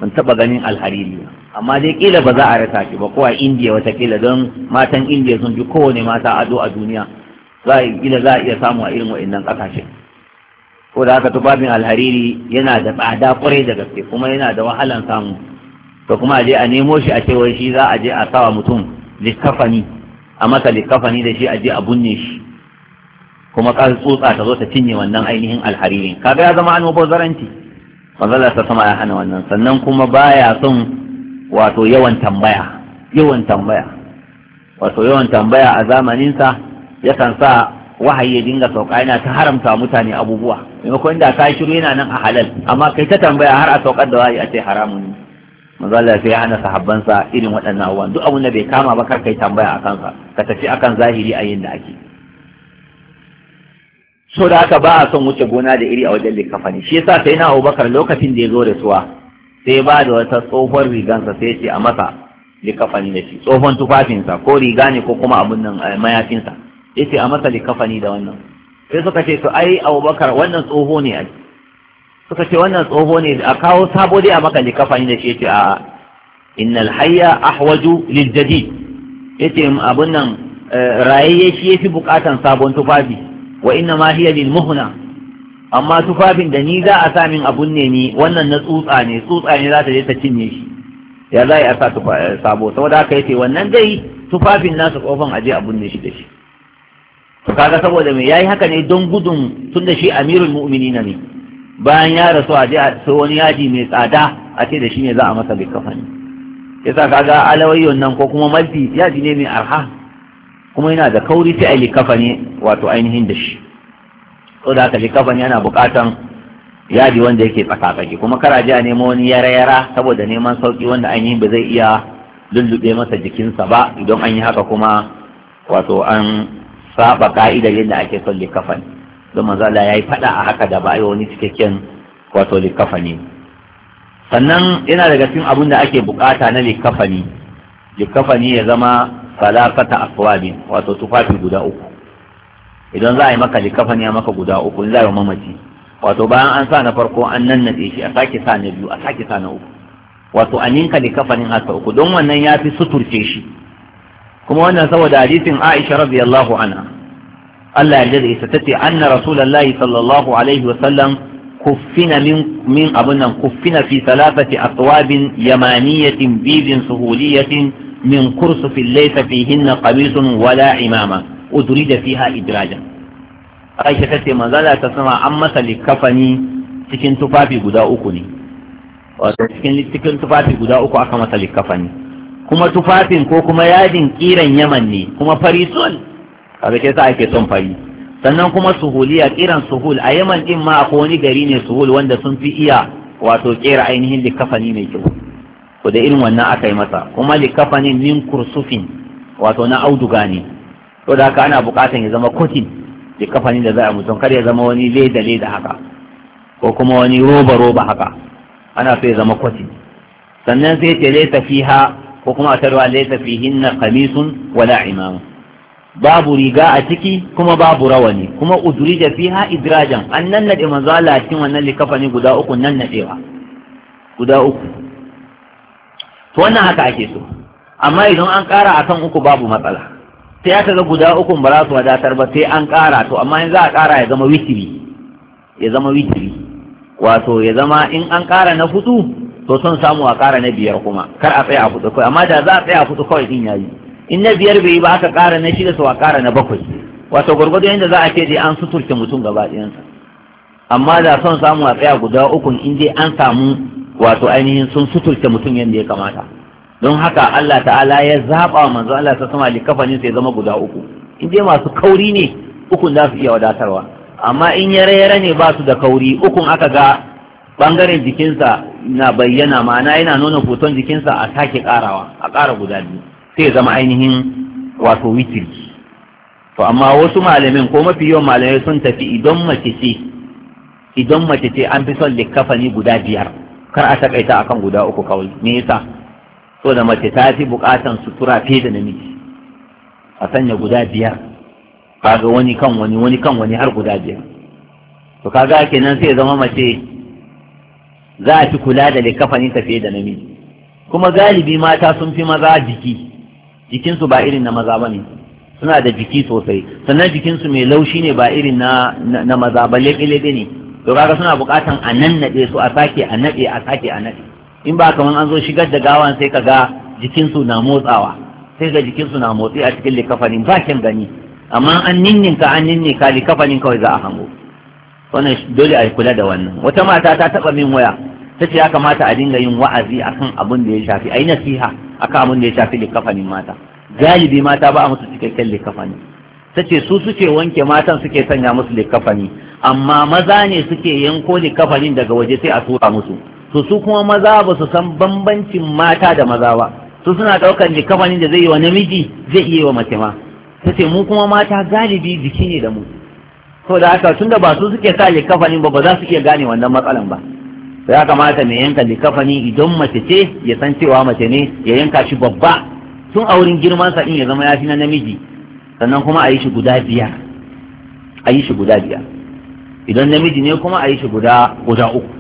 [SPEAKER 1] ban taba ganin alhariri ba. amma dai kila ba za a rasa shi ba ko a indiya wata kila don matan indiya sun fi kowane mata ado a duniya za a kila za a iya samu a irin wa'annan kasashe ko da haka tufafin alhariri yana da tsada kwarai da gaske kuma yana da wahalan samu to kuma a je a nemo shi a ce wai shi za a je a sawa mutum likafani a masa likafani da shi a je a bunne shi kuma ka tsutsa ta zo ta cinye wannan ainihin alharirin kaga ya zama almubazzaranci manzala ta sama ya hana wannan sannan kuma baya son wato yawan tambaya yawan tambaya wato yawan tambaya a zamaninsa yakan sa wahayi ya dinga sauka yana ta haramta mutane abubuwa maimakon da ka shiru yana nan a halal amma kai ta tambaya har a saukar da wahayi a ce haramun ne Mazalla sai ya hana sahabbansa irin waɗannan abubuwan duk abin da bai kama ba kar kai tambaya a kansa ka tafi akan zahiri a yin da ake so da haka ba a son wuce gona da iri a wajen ne shi yasa sai na Abubakar lokacin da ya zo da suwa sai ba da wata tsohon rigansa sai ce a masa likafani da shi tsohon tufafinsa ko riga ne ko kuma abun nan eh, mayafinsa ya ce a masa ne da wannan sai suka ce to ai Abubakar wannan tsoho ne ai suka ce wannan tsoho ne a kawo sabo dai a maka likafani da shi ce a innal hayya ahwaju lil jadid yace abun nan eh, rayayye shi yafi bukatan sabon tufafi wa inna ma hiya lil muhna amma tufafin da ni za a sa min abun ne ni wannan na tsutsa ne tsutsa ne za ta je ta cinye shi ya za a sa eh, sabo saboda haka yace wannan dai tufafin nasu kofan aje abun ne shi da shi to kaga saboda me yayi haka ne don gudun tunda shi amirul mu'minina ne bayan ya rasu a wani yaji mai tsada a ce da shi ne za a masa likafani yasa kaga alawayyon nan ko kuma malti yaji ne mai arha kuma yana da kauri sai a likafani wato ainihin da shi so da haka likafani yana bukatan yaji wanda yake tsakatsaki kuma kara ji a nemo wani yara-yara saboda neman sauki wanda ainihin ba zai iya lullube masa jikinsa ba idan an yi haka kuma wato an saba ka'idar yadda ake son likafani don manzala ya yi faɗa a haka da ba a wani cikakken wato likafani sannan yana daga cikin abin da ake bukata na likafani likafani ya zama salafata aswabin wato tufafi guda uku idan za a yi maka likafani ya maka guda uku in za a yi mamaci wato bayan an sa na farko an nan na shi a sake sa na biyu a sake sa na uku wato a ninka likafanin haka uku don wannan ya fi suturce shi kuma wannan saboda hadisin aisha radiyallahu anha Allah yarda da ita tace anna rasulullahi sallallahu alaihi wa sallam kuffina min min abun nan kuffina fi thalathati aswabin yamaniyatin bidin suhuliyatin min kursufin laysa fihinna qamisun wala imama udrija fiha idraja Aisha tace manzala ta sama an masa likafani cikin tufafi guda uku ne wato cikin cikin tufafi guda uku aka masa likafani kuma tufafin ko kuma yadin kiran yaman ne kuma farisol kaga shi sa ake son fari sannan kuma suhuliya kiran suhul a yaman din ma akwai wani gari ne suhul wanda sun fi iya wato kera ainihin likafani mai kyau ko da irin wannan aka yi masa kuma likafanin min kursufin wato na auduga ne to da haka ana bukatan ya zama kotin likafanin da za a mutum kar ya zama wani leda leda haka ko kuma wani roba roba haka ana so ya zama kotin sannan sai ce laita fiha ko kuma a tarwa laita fihinna qamisun wala imamu babu riga a ciki kuma babu rawani kuma fi ha idrajan an nan manzo Allah a cikin wannan likafani guda uku nan naɗewa, guda uku to wannan haka ake so amma idan an ƙara kan uku babu matsala sai aka ga guda uku ba za su wadatar ba sai an ƙara to amma in za a ƙara ya zama witiri ya zama witiri wato ya zama in an ƙara na hudu to son samu a ƙara na biyar kuma kar a tsaya a hudu kawai amma da za a tsaya a hudu kawai din yayi in na biyar bai yi ba aka ƙara na shida su a kara na bakwai wato gwargwado yadda za a ce dai an suturke mutum gaba ɗayansa amma da son samu a tsaya guda ukun in dai an samu wato ainihin sun suturke mutum yadda ya kamata don haka Allah ta'ala ya zaɓa manzo Allah ta sama likafanin sai zama guda uku in dai masu kauri ne ukun za su iya wadatarwa amma in yare yare ne ba su da kauri ukun aka ga bangaren jikinsa na bayyana ma'ana yana nuna hoton jikinsa a sake karawa a ƙara guda biyu sai zama ainihin wato witiri to amma wasu malamin ko mafi yawan malamai sun tafi idan mace ce idan mace ce an fi son likafani guda biyar kar a takaita akan guda uku kawai me yasa so da mace ta fi bukatan sutura fiye da namiji a sanya guda biyar kaga wani kan wani wani kan wani har guda biyar to kaga kenan sai zama mace za a fi kula da likafani ta fiye da namiji kuma galibi mata sun fi maza jiki jikinsu ba irin na maza bane suna da jiki sosai sannan jikinsu mai laushi ne ba irin na na maza ba lebe-lebe ne to kaga suna buƙatan a naɗe su a sake a naɗe a sake a naɗe in ba kaman an zo shigar da gawan sai ka ga jikinsu na motsawa sai ga jikinsu na motsi a cikin likafanin ba kyan gani amma an ninninka an ninninka likafanin kawai za a hango wannan dole a kula da wannan wata mata ta taɓa min waya ta ce ya kamata a dinga yin wa'azi akan abin da ya shafi yi nasiha akan abin da ya shafi likafanin mata galibi mata ba a musu cikakken likafani ta ce su suke wanke matan suke sanya musu likafani amma maza ne suke yanko likafanin daga waje sai a tura musu Su su kuma maza ba su san bambancin mata da maza ba su suna ɗaukar likafanin da zai yi wa namiji zai iya wa mace ma ta ce mu kuma mata galibi jiki ne da mu saboda haka tunda ba su suke sa likafanin ba ba za su iya gane wannan matsalan ba ya kamata mai yanka likafani idan mace ce ya san cewa mace ne ya yanka shi babba tun a wurin girmansa in ya zama ya fi na namiji sannan kuma a yi shi guda biyar a yi shi guda biyar idan namiji ne kuma a yi shi guda guda uku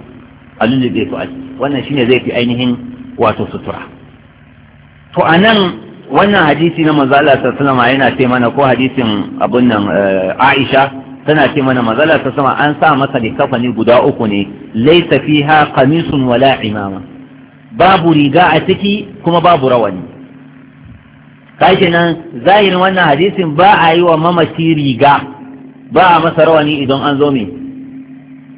[SPEAKER 1] a lullu su a wannan shine zai fi ainihin wato sutura to a nan wannan hadisi na manzo Allah sallallahu alaihi wasallam yana ce mana ko hadisin abun nan eh, Aisha tana ce mana mazala ta sama an sa masa likafani guda uku ne laisa fiha qamisun wala imama babu riga a ciki kuma babu rawani kashi nan zahirin wannan hadisin ba a yi wa mamaci riga ba a masa rawani idan an zo me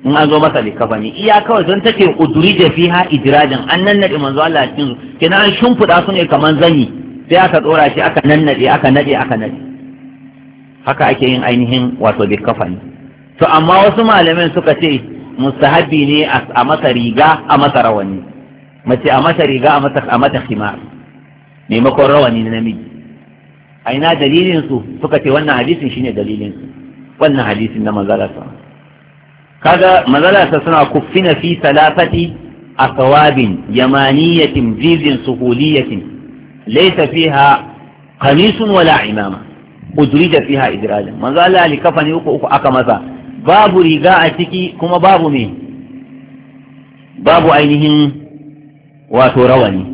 [SPEAKER 1] in an zo masa likafani iya kawai don take kuduri da fiha an nannade manzo Allah cikin su an shimfida su ne kaman zani sai aka dora shi aka nannade aka nade aka nade haka ake yin ainihin wato kafani to amma wasu malamin suka ce mustahabi ne a masa riga a masa rawani mace a masa riga a mata khimar maimakon rawani na namiji a ina dalilin su suka ce wannan hadisin shine dalilin su wannan hadisin na mazalarsa. kaga mazalarsa suna kuffina fi talafati asawabin yamaniyatin jizin suhuliyatin laysa fiha qamisun wala imama udrija fiha idrajan manzo Allah li kafani uku uku aka masa babu riga a ciki kuma babu me babu ainihin wato rawani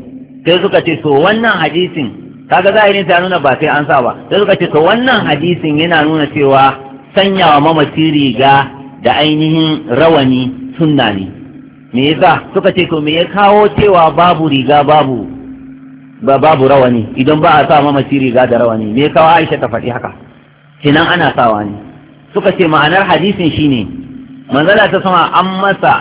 [SPEAKER 1] sai suka ce to wannan hadisin kaga zahirin ta nuna ba sai an sa ba sai suka ce to wannan hadisin yana nuna cewa sanyawa mamaci riga da ainihin rawani sunna ne me yasa suka ce to me ya kawo cewa babu riga babu ba babu rawani idan ba a sa mamaci riga da rawani me kawa Aisha ta faɗi haka kinan ana sawa ne suka ce ma'anar hadisin shine manzala ta sama an masa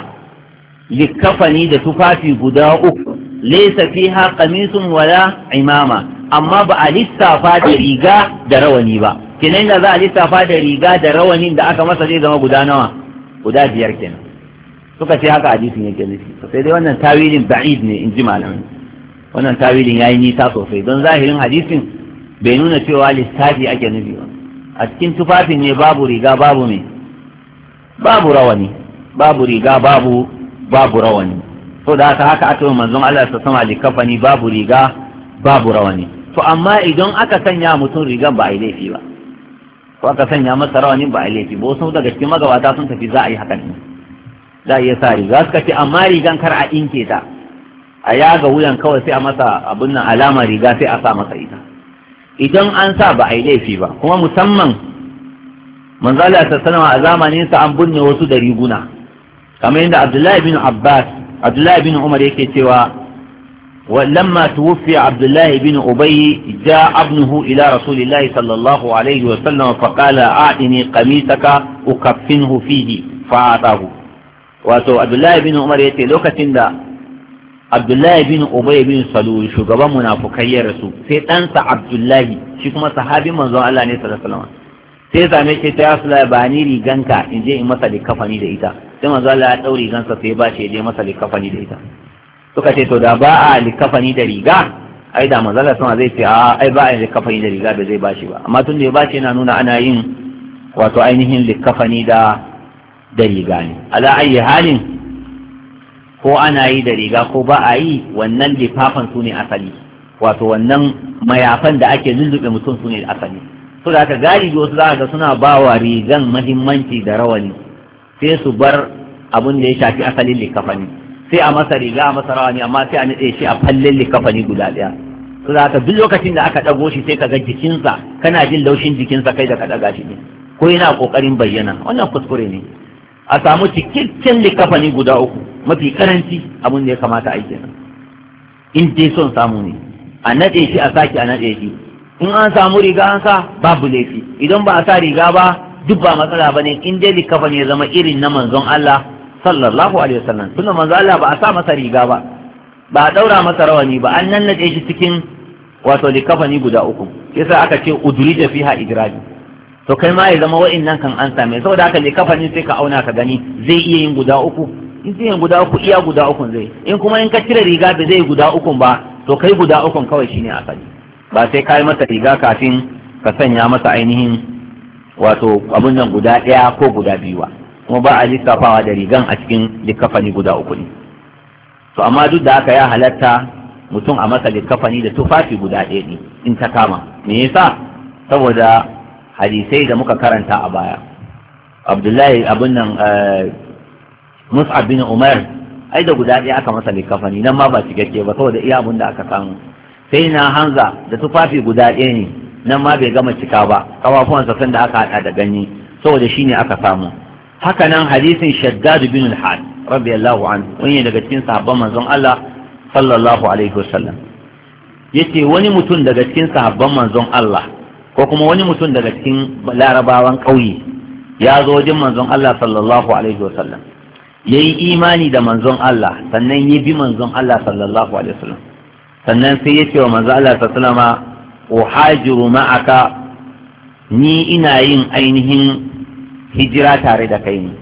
[SPEAKER 1] likafani da tufafi guda uku laysa fiha qamisun wala imama amma ba a lissafa da riga da rawani ba kinan da za a lissafa da riga da rawanin da aka masa zai zama guda nawa guda biyar kenan suka ce haka hadisin yake nufi sai dai wannan tawilin ba'id ne in ji malamai wannan tawilin yi nisa sosai don zahirin hadisin bai nuna cewa lissafi ake nufi ba a cikin tufafin ne babu riga babu me babu rawani babu riga babu babu rawani to da haka haka aka manzon Allah sa sama likafani babu riga babu rawani to amma idan aka sanya mutum rigan ba a yi laifi ba ko aka sanya masa rawanin ba a yi laifi ba wasu daga cikin magabata sun tafi za a yi hakan za a iya sa riga suka ce amma rigan kar a inke ta a yaga wuyan kawai sai a masa abin nan alama riga sai a sa masa ita idan an sa ba a yi laifi ba kuma musamman manzala ta sanawa a zamanin sa an binne wasu da riguna kamar yadda abdullahi bin abbas abdullahi bin umar yake cewa ولما توفي عبد الله بن أبي جاء ابنه إلى رسول الله صلى الله عليه وسلم فقال أعطني قميصك أكفنه فيه فأعطاه wato abdullahi bin umar ya ce lokacin da abdullahi bin ubay bin salul shugaban munafukai ya rasu sai ɗansa abdullahi shi kuma sahabin manzon Allah ne sallallahu alaihi wasallam sai zame ce ta yasu ba ni riganka in je in masa likafani da ita sai manzon Allah ya ɗau rigansa sai ba shi ya je masa likafani da ita suka ce to da ba a likafani da riga ai da manzon Allah zai ce a ai ba a likafani da riga da zai ba shi ba amma tun da ya ba shi yana nuna ana yin wato ainihin likafani da da riga ne ala ayi halin ko ana yi da riga ko ba a yi wannan lifafan su ne asali wato wannan mayafan da ake lullube mutum su ne asali so da aka wasu za ga suna ba wa rigan mahimmanci da rawani sai su bar abin da ya shafi asalin likafani sai a masa riga a masa rawani amma sai a nitse shi a fallin likafani guda ɗaya so da aka duk lokacin da aka ɗago shi sai ka ga jikinsa kana jin laushin jikinsa kai da ka ɗaga shi ne ko yana ƙoƙarin bayyana wannan kuskure ne a samu cikakken likafani guda uku mafi karanci abin da ya kamata a yi kenan in dai son samu ne a naɗe shi a saki a naɗe shi in an samu riga an sa babu laifi idan ba a sa riga ba duk ba matsala ba ne in dai likafa ne zama irin na manzon Allah sallallahu alaihi wasallam tunda manzon Allah ba a sa masa riga ba ba a daura masa rawani ba an nade shi cikin wato likafa ni guda uku yasa aka ce udrija fiha idraji to kai ma ya zama wa'in kan an same saboda haka ne sai ka auna ka gani zai iya yin guda uku in sai guda uku iya guda ukun zai in kuma in ka cire riga da zai guda ukun ba to kai guda ukun kawai shine asali ba sai kai masa riga kafin ka sanya masa ainihin wato abun nan guda ɗaya ko guda biyu ba kuma ba a lissafawa da rigan a cikin likafani guda uku ne to amma duk da haka ya halatta mutum a masa likafani da tufafi guda ɗaya ne in ta kama me yasa saboda hadisai da muka karanta a baya abdullahi abun nan eh, mus'ab bin umar ai da guda ɗaya aka masa likafani nan ma ba cikakke ba saboda iya abin da aka samu sai na hanza da tufafi guda ɗaya ne nan ma bai gama cika ba kafafuwansa sun da aka haɗa da ganye saboda shine aka samu haka nan hadisin shaddad bin al-had radiyallahu anhu wani daga cikin sahabban manzon Allah sallallahu alaihi wasallam yace wani mutum daga cikin sahabban manzon Allah ko kuma wani mutum daga cikin larabawan ƙauye ya zo wajen manzon Allah sallallahu alaihi wasallam ya yi imani da manzon Allah sannan ya bi manzon Allah sallallahu alaihi wasallam sannan sai ya ce wa manzon Allah sallallahu alaihi wasallam ma'aka ni ina yin ainihin hijira tare da kai ne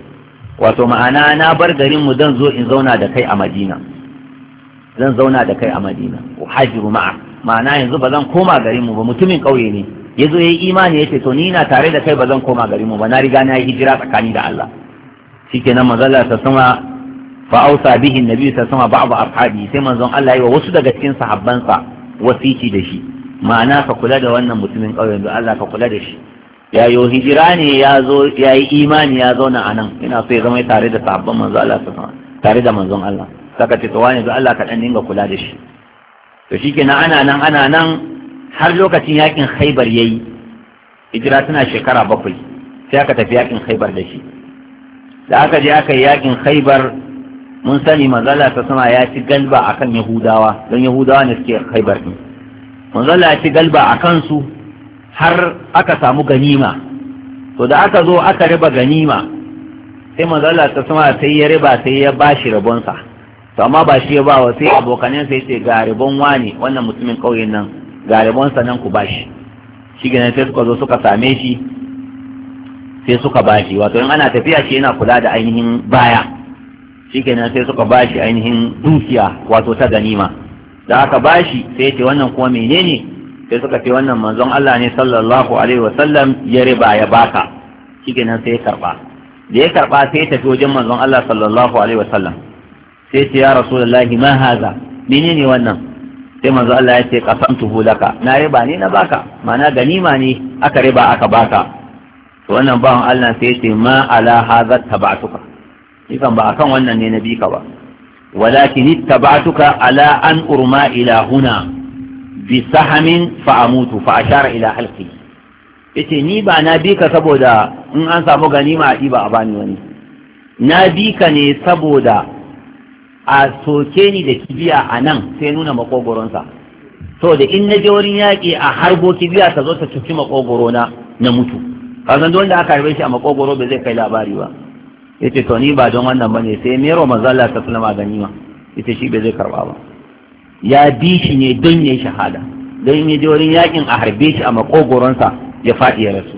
[SPEAKER 1] wato ma'ana na bar garin mu zan zo in zauna da kai a Madina zan zauna da kai a Madina uhajiru ma'a ma'ana yanzu ba zan koma garin mu ba mutumin kauye ne yazo yayi imani yace to ni ina tare da kai ba zan koma garin mu ba na riga na yi hijira tsakani da Allah shikenan manzala ta sama fa ausa bihi annabi ta sama ba'd ashabi sai manzon Allah ya wa wasu daga cikin sahabbansa wasici da shi ma'ana ka kula da wannan mutumin ƙauyen da Allah ka kula da shi ya yo hijira ne ya zo ya yi imani ya zauna a nan ina so ya zama tare da sahabban manzo Allah ta sama tare da manzon Allah saka ce tawani da Allah ka dan dinga kula da shi to shikenan ana nan ana nan har lokacin yakin Khaibar yayi hijira tana shekara bakwai sai aka tafi yakin Khaibar da shi da aka je aka yi yakin khaibar mun sani manzala ta sama ya ci galba akan yahudawa don yahudawa ne suke khaibar din manzala ya ci galba a kansu har aka samu ganima to da aka zo aka riba ganima sai manzala ta sama sai ya riba sai ya bashi rabonsa to amma ba shi ya ba wa sai abokanen sai ce ga ribon wani wannan mutumin ƙauyen nan ga ribonsa nan ku bashi shi ganin sai suka zo suka same shi sai suka bashi wato in ana tafiya shi yana kula da ainihin baya shikenan sai suka bashi ainihin dukiya wato ta ganima da aka bashi sai ce wannan kuma menene sai suka ce wannan manzon Allah ne sallallahu alaihi wasallam ya riba ya baka shikenan sai ya karba da ya karba sai ya tafi wajen manzon Allah sallallahu alaihi wasallam sai ce ya rasulullahi ma haza menene wannan sai manzo Allah ya ce qasamtuhu laka na riba ne na baka ma'ana ganima ne aka riba aka baka to wannan bawan Allah sai ya ce ma ala hadha tabatuka ikan ba wannan ne na bi ka ba walakin tabatuka ala an urma ila huna bi sahamin fa amutu fa ashara ila halqi yace ni ba na bi ka saboda in an samu ganima a ba a bani wani na bi ka ne saboda a soke ni da kibiya a nan sai nuna makogoronsa to da in na je wurin yaƙi a harbo kibiya ta zo ta cuci makogorona na mutu kazan duk wanda aka harbe shi a makogoro bai zai kai labari ba yace to ni ba don wannan bane sai me ro mazalla ta sallama ma. yace shi bai zai karba ba ya bi shi ne don yayi shahada don yin je wurin yakin a harbe shi a makogoronsa ya faɗi ya rasu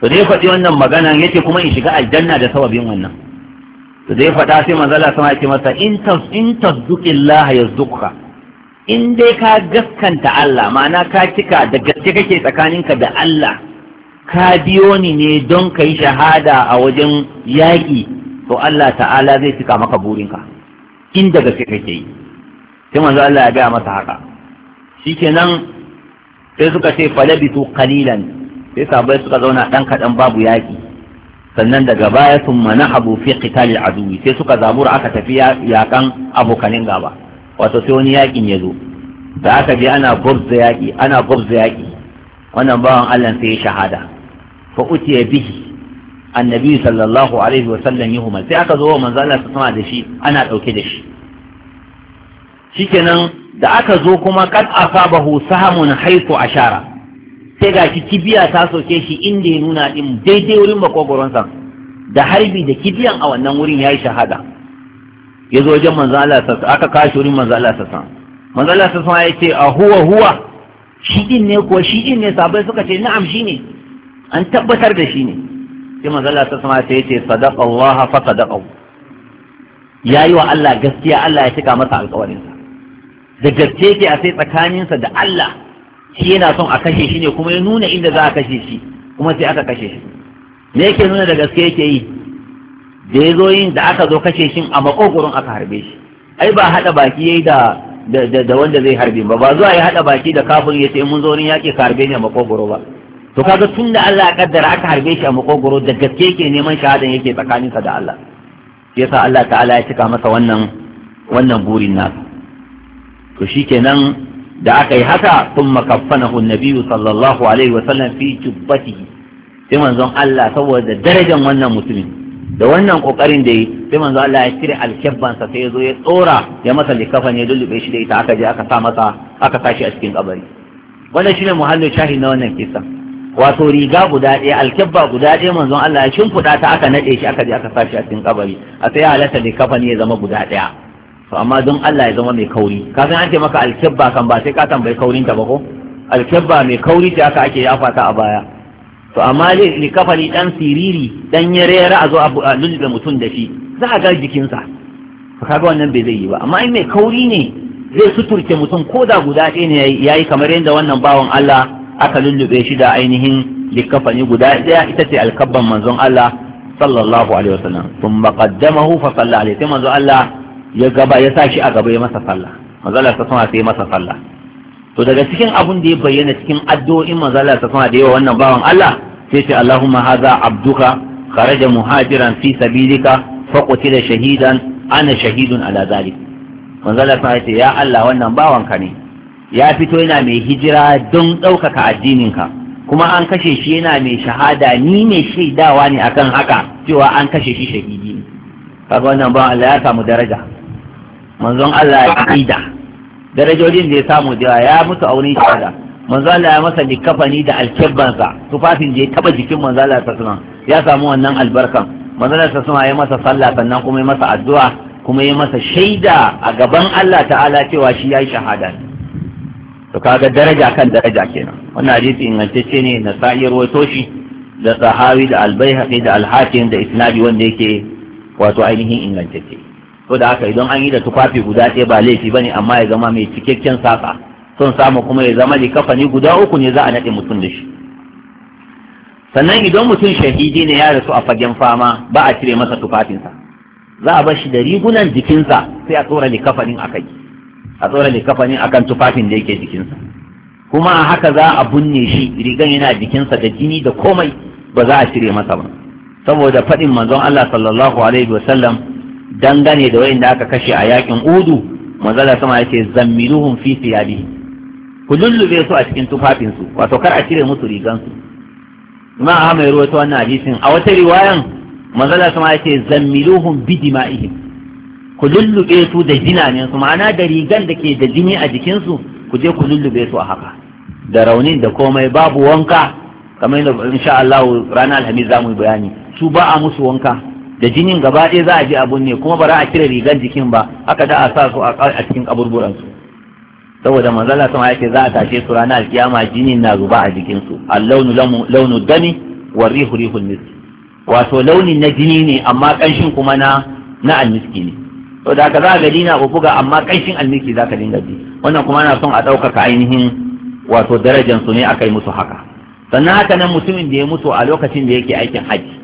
[SPEAKER 1] to dai faɗi wannan magana yace kuma in shiga aljanna da sababin wannan to dai faɗa sai manzala sama yake masa in tas in tasduqillaha yazduqka in dai ka gaskanta Allah ma'ana ka cika da gaske kake tsakaninka da Allah ka biyo ni ne don ka yi shahada a wajen yaƙi to Allah ta'ala zai cika maka burinka in daga sai kake yi sai manzo Allah ya gaya masa haka shikenan sai suka ce falabitu qalilan sai sabai suka zauna dan kadan babu yaƙi sannan daga baya sun abu fi qitalil aduwi sai suka zabura aka tafi yakan abokanin gaba wato sai wani yaƙin ya zo da aka je ana gwabza yaƙi ana gwabza yaƙi wannan bawan Allah sai ya shahada fa utiya bihi annabi sallallahu alaihi wa sallam yuhuma sai aka zo wa manzo Allah sama da shi ana dauke da shi shikenan da aka zo kuma kad asabahu sahamun haythu ashara sai ga shi kibiya ta soke shi inda ya nuna din daidai wurin makogoronsa da harbi da kibiyan a wannan wurin yayi shahada ya zo wajen manzo Allah sassa aka kashi wurin manzo Allah sassa manzo Allah sassa ya ce a huwa huwa shi din ne ko shi din ne sabai suka ce na'am shi ne an tabbatar da shi ne sai manzo ta sama sai yace sadaqa Allah fa sadaqa yayi wa Allah gaskiya Allah ya cika masa alƙawarin sa da gaske yake a sai tsakanin sa da Allah shi yana son a kashe shi ne kuma ya nuna inda za a kashe shi kuma sai aka kashe shi me yake nuna da gaske yake yi da ya zo yin da aka zo kashe shi a makogoron aka harbe shi ai ba haɗa baki yayi da da wanda zai harbe ba ba zuwa ya haɗa baki da kafin ya ce mun zo wurin yaƙi ka harbe ni a makogoro ba to kaga tun da Allah ya kaddara aka harbe shi a makogoro da gaske yake neman shahadan yake tsakaninsa da Allah shi yasa Allah ta'ala ya cika masa wannan wannan burin nasa to shikenan da aka yi haka thumma kaffanahu an sallallahu alaihi wa sallam fi jubbatihi sai manzon Allah saboda darajar wannan mutumin da wannan kokarin da yi sai manzon Allah ya cire alkebbansa sai ya zo ya tsora ya masa likafan ya lullube shi da ita aka je aka sa masa aka sa shi a cikin kabari wannan shine muhallin shahi na wannan kisa wato riga guda ɗaya alkibba guda ɗaya manzon Allah ya shimfiɗa ta aka naɗe shi aka je aka sashi a cikin kabari a sai halatta da kafani ya zama guda ɗaya to amma don Allah ya zama mai kauri ka san an ce maka alkibba kan ba sai ka tambayi kaurin ta ba ko alkibba mai kauri ce aka ake yafa ta a baya to amma li kafani dan siriri dan yarera a zo a lulluɓe mutum da shi za a ga jikinsa to kaga wannan bai zai yi ba amma in mai kauri ne zai suturce mutum ko da guda ɗaya ne yayi kamar yadda wannan bawan Allah aka lullube shi da ainihin likafani guda daya ita ce alkabban manzon Allah sallallahu alaihi wasallam thumma qaddamahu fa salla alaihi sai manzon Allah ya gaba ya sa shi a gaba ya masa sallah manzon Allah ta sama sai ya masa sallah to daga cikin abun da ya bayyana cikin addu'o'in manzon Allah ta sama da yawa wannan bawan Allah sai ce Allahumma hadha abduka kharaja muhajiran fi sabilika fa qutila shahidan ana shahidun ala dhalik manzon Allah ta ce ya Allah wannan bawanka ne ya fito yana mai hijira don ɗaukaka addininka kuma an kashe shi yana mai shahada ni mai shaidawa ne akan haka cewa an kashe shi shahidi ne kaga wannan ba Allah ya samu daraja manzon Allah ya kaida darajojin da ya samu da ya mutu wurin shahada manzon Allah ya masa likafani da sa tufafin da ya taba jikin manzon Allah sallallahu ya samu wannan albarkan manzon Allah sallallahu ya masa sallah sannan kuma ya masa addu'a kuma ya masa shaida a gaban Allah ta'ala cewa shi yayi shahada ne to kaga daraja kan daraja kenan wannan hadisi ingantacce ne na sa'ir wato shi da sahawi da albayhaqi da alhakim da isnadi wanda yake wato ainihin ingantacce to da haka idan an yi da tufafi guda ɗaya ba laifi bane amma ya zama mai cikakken saka son samu kuma ya zama kafani guda uku ne za a naɗe mutum da shi sannan idan mutum shahidi ne ya rasu a fagen fama ba a cire masa tufafinsa za a bar shi da rigunan jikinsa sai a tsora kafanin a kai a tsora likafanin akan tufafin da yake jikinsa kuma a haka za a bunne shi rigan yana jikinsa da jini da komai ba za a cire masa ba saboda faɗin manzon Allah sallallahu alaihi wa dangane da wayanda aka kashe a yakin udu Allah sama yace zammiluhum fi siyabi ku lullube su a cikin tufafinsu wato kar a cire musu rigan su imam ahmad ya ruwaito wannan hadisin a wata riwayan Allah sama yace zammiluhum bi dima'ihim ku lullube su da jinanen su ma'ana da rigan da ke da jini a jikinsu ku je ku lullube su a haka da raunin da komai babu wanka kamar yadda insha Allah ranar alhamis za mu yi bayani su ba a musu wanka da jinin gaba ɗaya za a je abun ne kuma ba za a kira rigan jikin ba haka da a sa su a cikin kaburburansu saboda manzala sama yake za a tashe su ranar alkiyama jinin na zuba a jikinsu A launu dami wa rihu rihul miski wato launin na jini ne amma ƙanshin kuma na na almiski ne to da ka za ga dina ku buga amma kaifin almiki za ka dinga ji wannan kuma ana son a ɗaukaka ainihin wato darajar su ne aka yi musu haka sannan haka nan mutumin da ya mutu a lokacin da yake aikin haji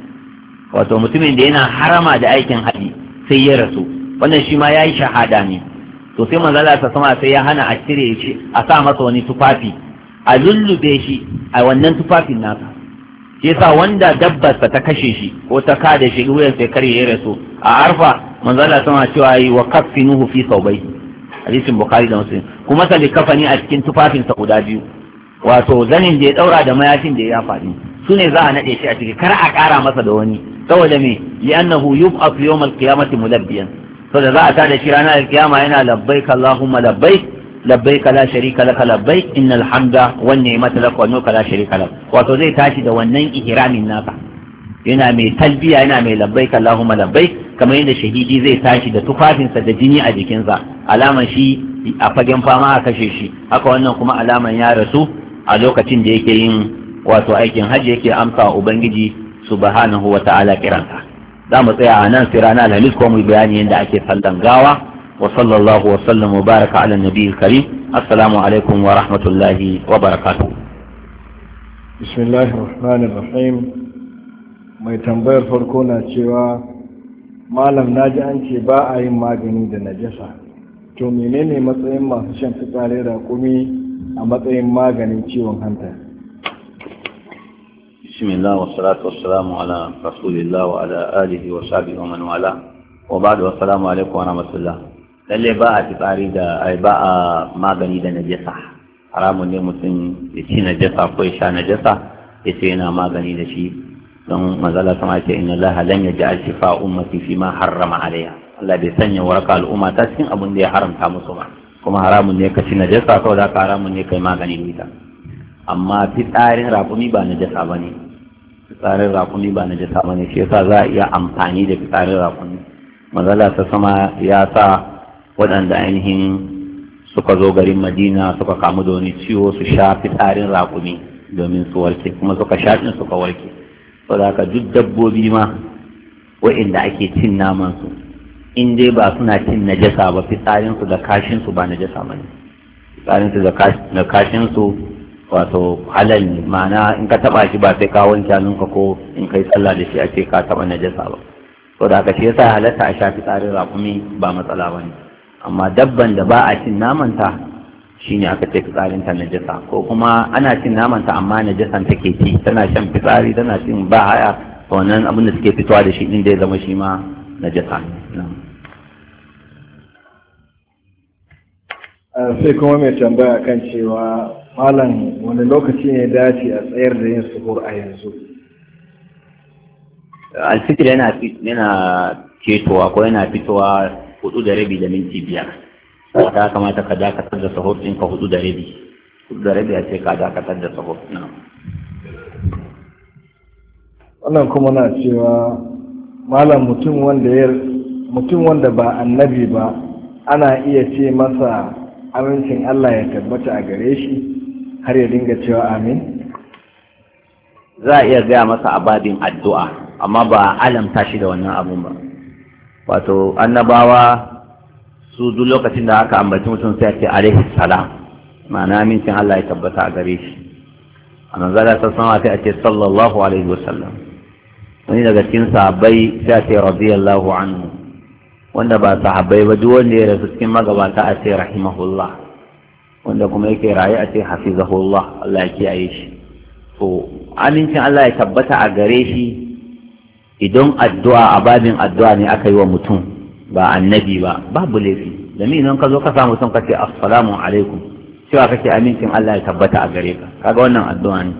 [SPEAKER 1] wato mutumin da yana harama da aikin haji sai ya rasu wannan shi ma ya yi shahada ne to sai manzala ta sama sai ya hana a cire shi a sa masa wani tufafi a lullube shi a wannan tufafin nasa shi yasa wanda dabbar ta kashe shi ko ta kada shi ruwan sai kare ya rasu a arfa manzo Allah sama cewa yi wa kaffinuhu fi saubai hadisin bukhari da muslim kuma sa kafani a cikin tufafin sa guda biyu wato zanin da ya daura da mayafin da ya faɗi su ne za a nade shi a ciki kar a ƙara masa da wani saboda me li'annahu yub'af yawm al-qiyamati mulabbiyan saboda za a tada shi ranar al-qiyama yana labbaik allahumma labbaik labbaik la sharika laka labbaik innal hamda wan ni'mata lak wa mulka la sharika lak wato zai tashi da wannan ihramin naka yana mai talbiya yana mai labbaik allahumma labbaik kamar yadda shahidi zai tashi da tufafinsa da jini a jikinsa alaman shi a fagen fama a kashe shi haka wannan kuma alaman ya rasu a lokacin da yake yin wato aikin hajji yake amsa wa ubangiji subhanahu wa ta'ala kiransa za mu tsaya a nan sai ranar alhamis ko mu bayani yadda ake sallan gawa wa sallallahu wa sallam wa baraka ala nabiyil karim assalamu alaikum wa rahmatullahi wa barakatuh
[SPEAKER 2] bismillahir rahmanir rahim mai tambayar farko na cewa malam na ji an ce ba a yin magani da najasa to menene matsayin masu shan fitsari kumi a matsayin maganin ciwon hanta
[SPEAKER 1] bismillah wa salatu wa salamu ala rasulillah wa ala alihi wa sahbihi wa man wala wa ba'du wa salamu alaikum wa rahmatullah lalle ba a fitsari da ai ba a magani da najasa haramun ne mutum ya ci najasa ko ya sha najasa ya ce yana magani da shi don mazala sama ce inna Allah lan a shifa ummati fi ma harrama alaiha Allah bai sanya waraka al'umma ta cikin abin da ya haramta musu ba kuma haramun ne ka ci najasa kawai za ka haramun ne kai magani ita amma fitsarin rakumi ba na jasa ba ne fitsarin rakumi ba na jasa ba ne shi yasa za a iya amfani da fitsarin rakumi mazala ta sama ya sa waɗanda ainihin suka zo garin madina suka kamu da wani ciwo su sha fitsarin rakumi domin su warke kuma suka sha ɗin suka warke saboda duk dabbobi ma wa'inda ake cin namansu, in dai ba suna cin najasa ba fitsarinsu da kashinsu ba najasa ba ne fitsarinsu da kashinsu wato halal ne ma'ana in ka taba shi ba sai ka wanke hannunka ko in kai sallah da shi a ce ka taba najasa ba saboda haka shi yasa halatta a sha fitsarin rakumi ba matsala ba ne amma dabban da ba a cin namanta ne aka ce fitsarin ta najasa ko kuma ana cin naman ta amma najasan take ci tana shan fitsari tana cin ba haya wannan abin da suke fitowa da shi din da ya zama shi ma najasa
[SPEAKER 2] ah, sai kuma mai tambaya kan cewa malam wani lokaci ne dace a tsayar da yin suhur a yanzu
[SPEAKER 1] alfitir yana fitowa ko yana fitowa hudu da rabi da minti biyar ta kamata ka dakatar da sahur in ka hudu da rabi hudu da rabi a ce ka dakatar da sahur na
[SPEAKER 2] wannan kuma na cewa malam mutum wanda ya mutum wanda ba annabi ba ana iya ce masa amincin Allah ya tabbata a gare shi har ya dinga cewa amin
[SPEAKER 1] za a iya gaya masa ababin addu'a amma ba alamta shi da wannan abun ba wato annabawa su duk lokacin da aka ambaci mutum sai ake ce alaihi salam ma'ana amincin Allah ya tabbata a gare shi a manzala ta sama sai ake ce sallallahu alaihi wasallam wani daga cikin sahabbai sai ake ce radiyallahu anhu wanda ba sahabbai ba duk wanda ya rasu cikin magabata a ce rahimahullah wanda kuma yake raye a ce hafizahullah Allah ya kiyaye shi to amincin Allah ya tabbata a gare shi idan addu'a a babin addu'a ne aka yi wa mutum ba annabi ba babu laifi domin idan ka zo ka samu son kace assalamu alaikum cewa kake amincin Allah ya tabbata a gare ka kaga wannan addu'a ne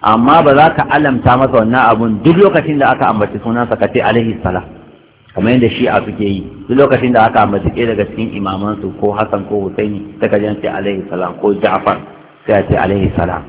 [SPEAKER 1] amma ba za ka alamta masa wannan abun duk lokacin da aka ambaci sunan sa kace alaihi salam kamar yadda shi a suke yi duk lokacin da aka ambaci ɗaya daga cikin imaman su ko Hassan ko Husaini ta jan ce alaihi salam ko Ja'far sai a ce alaihi salam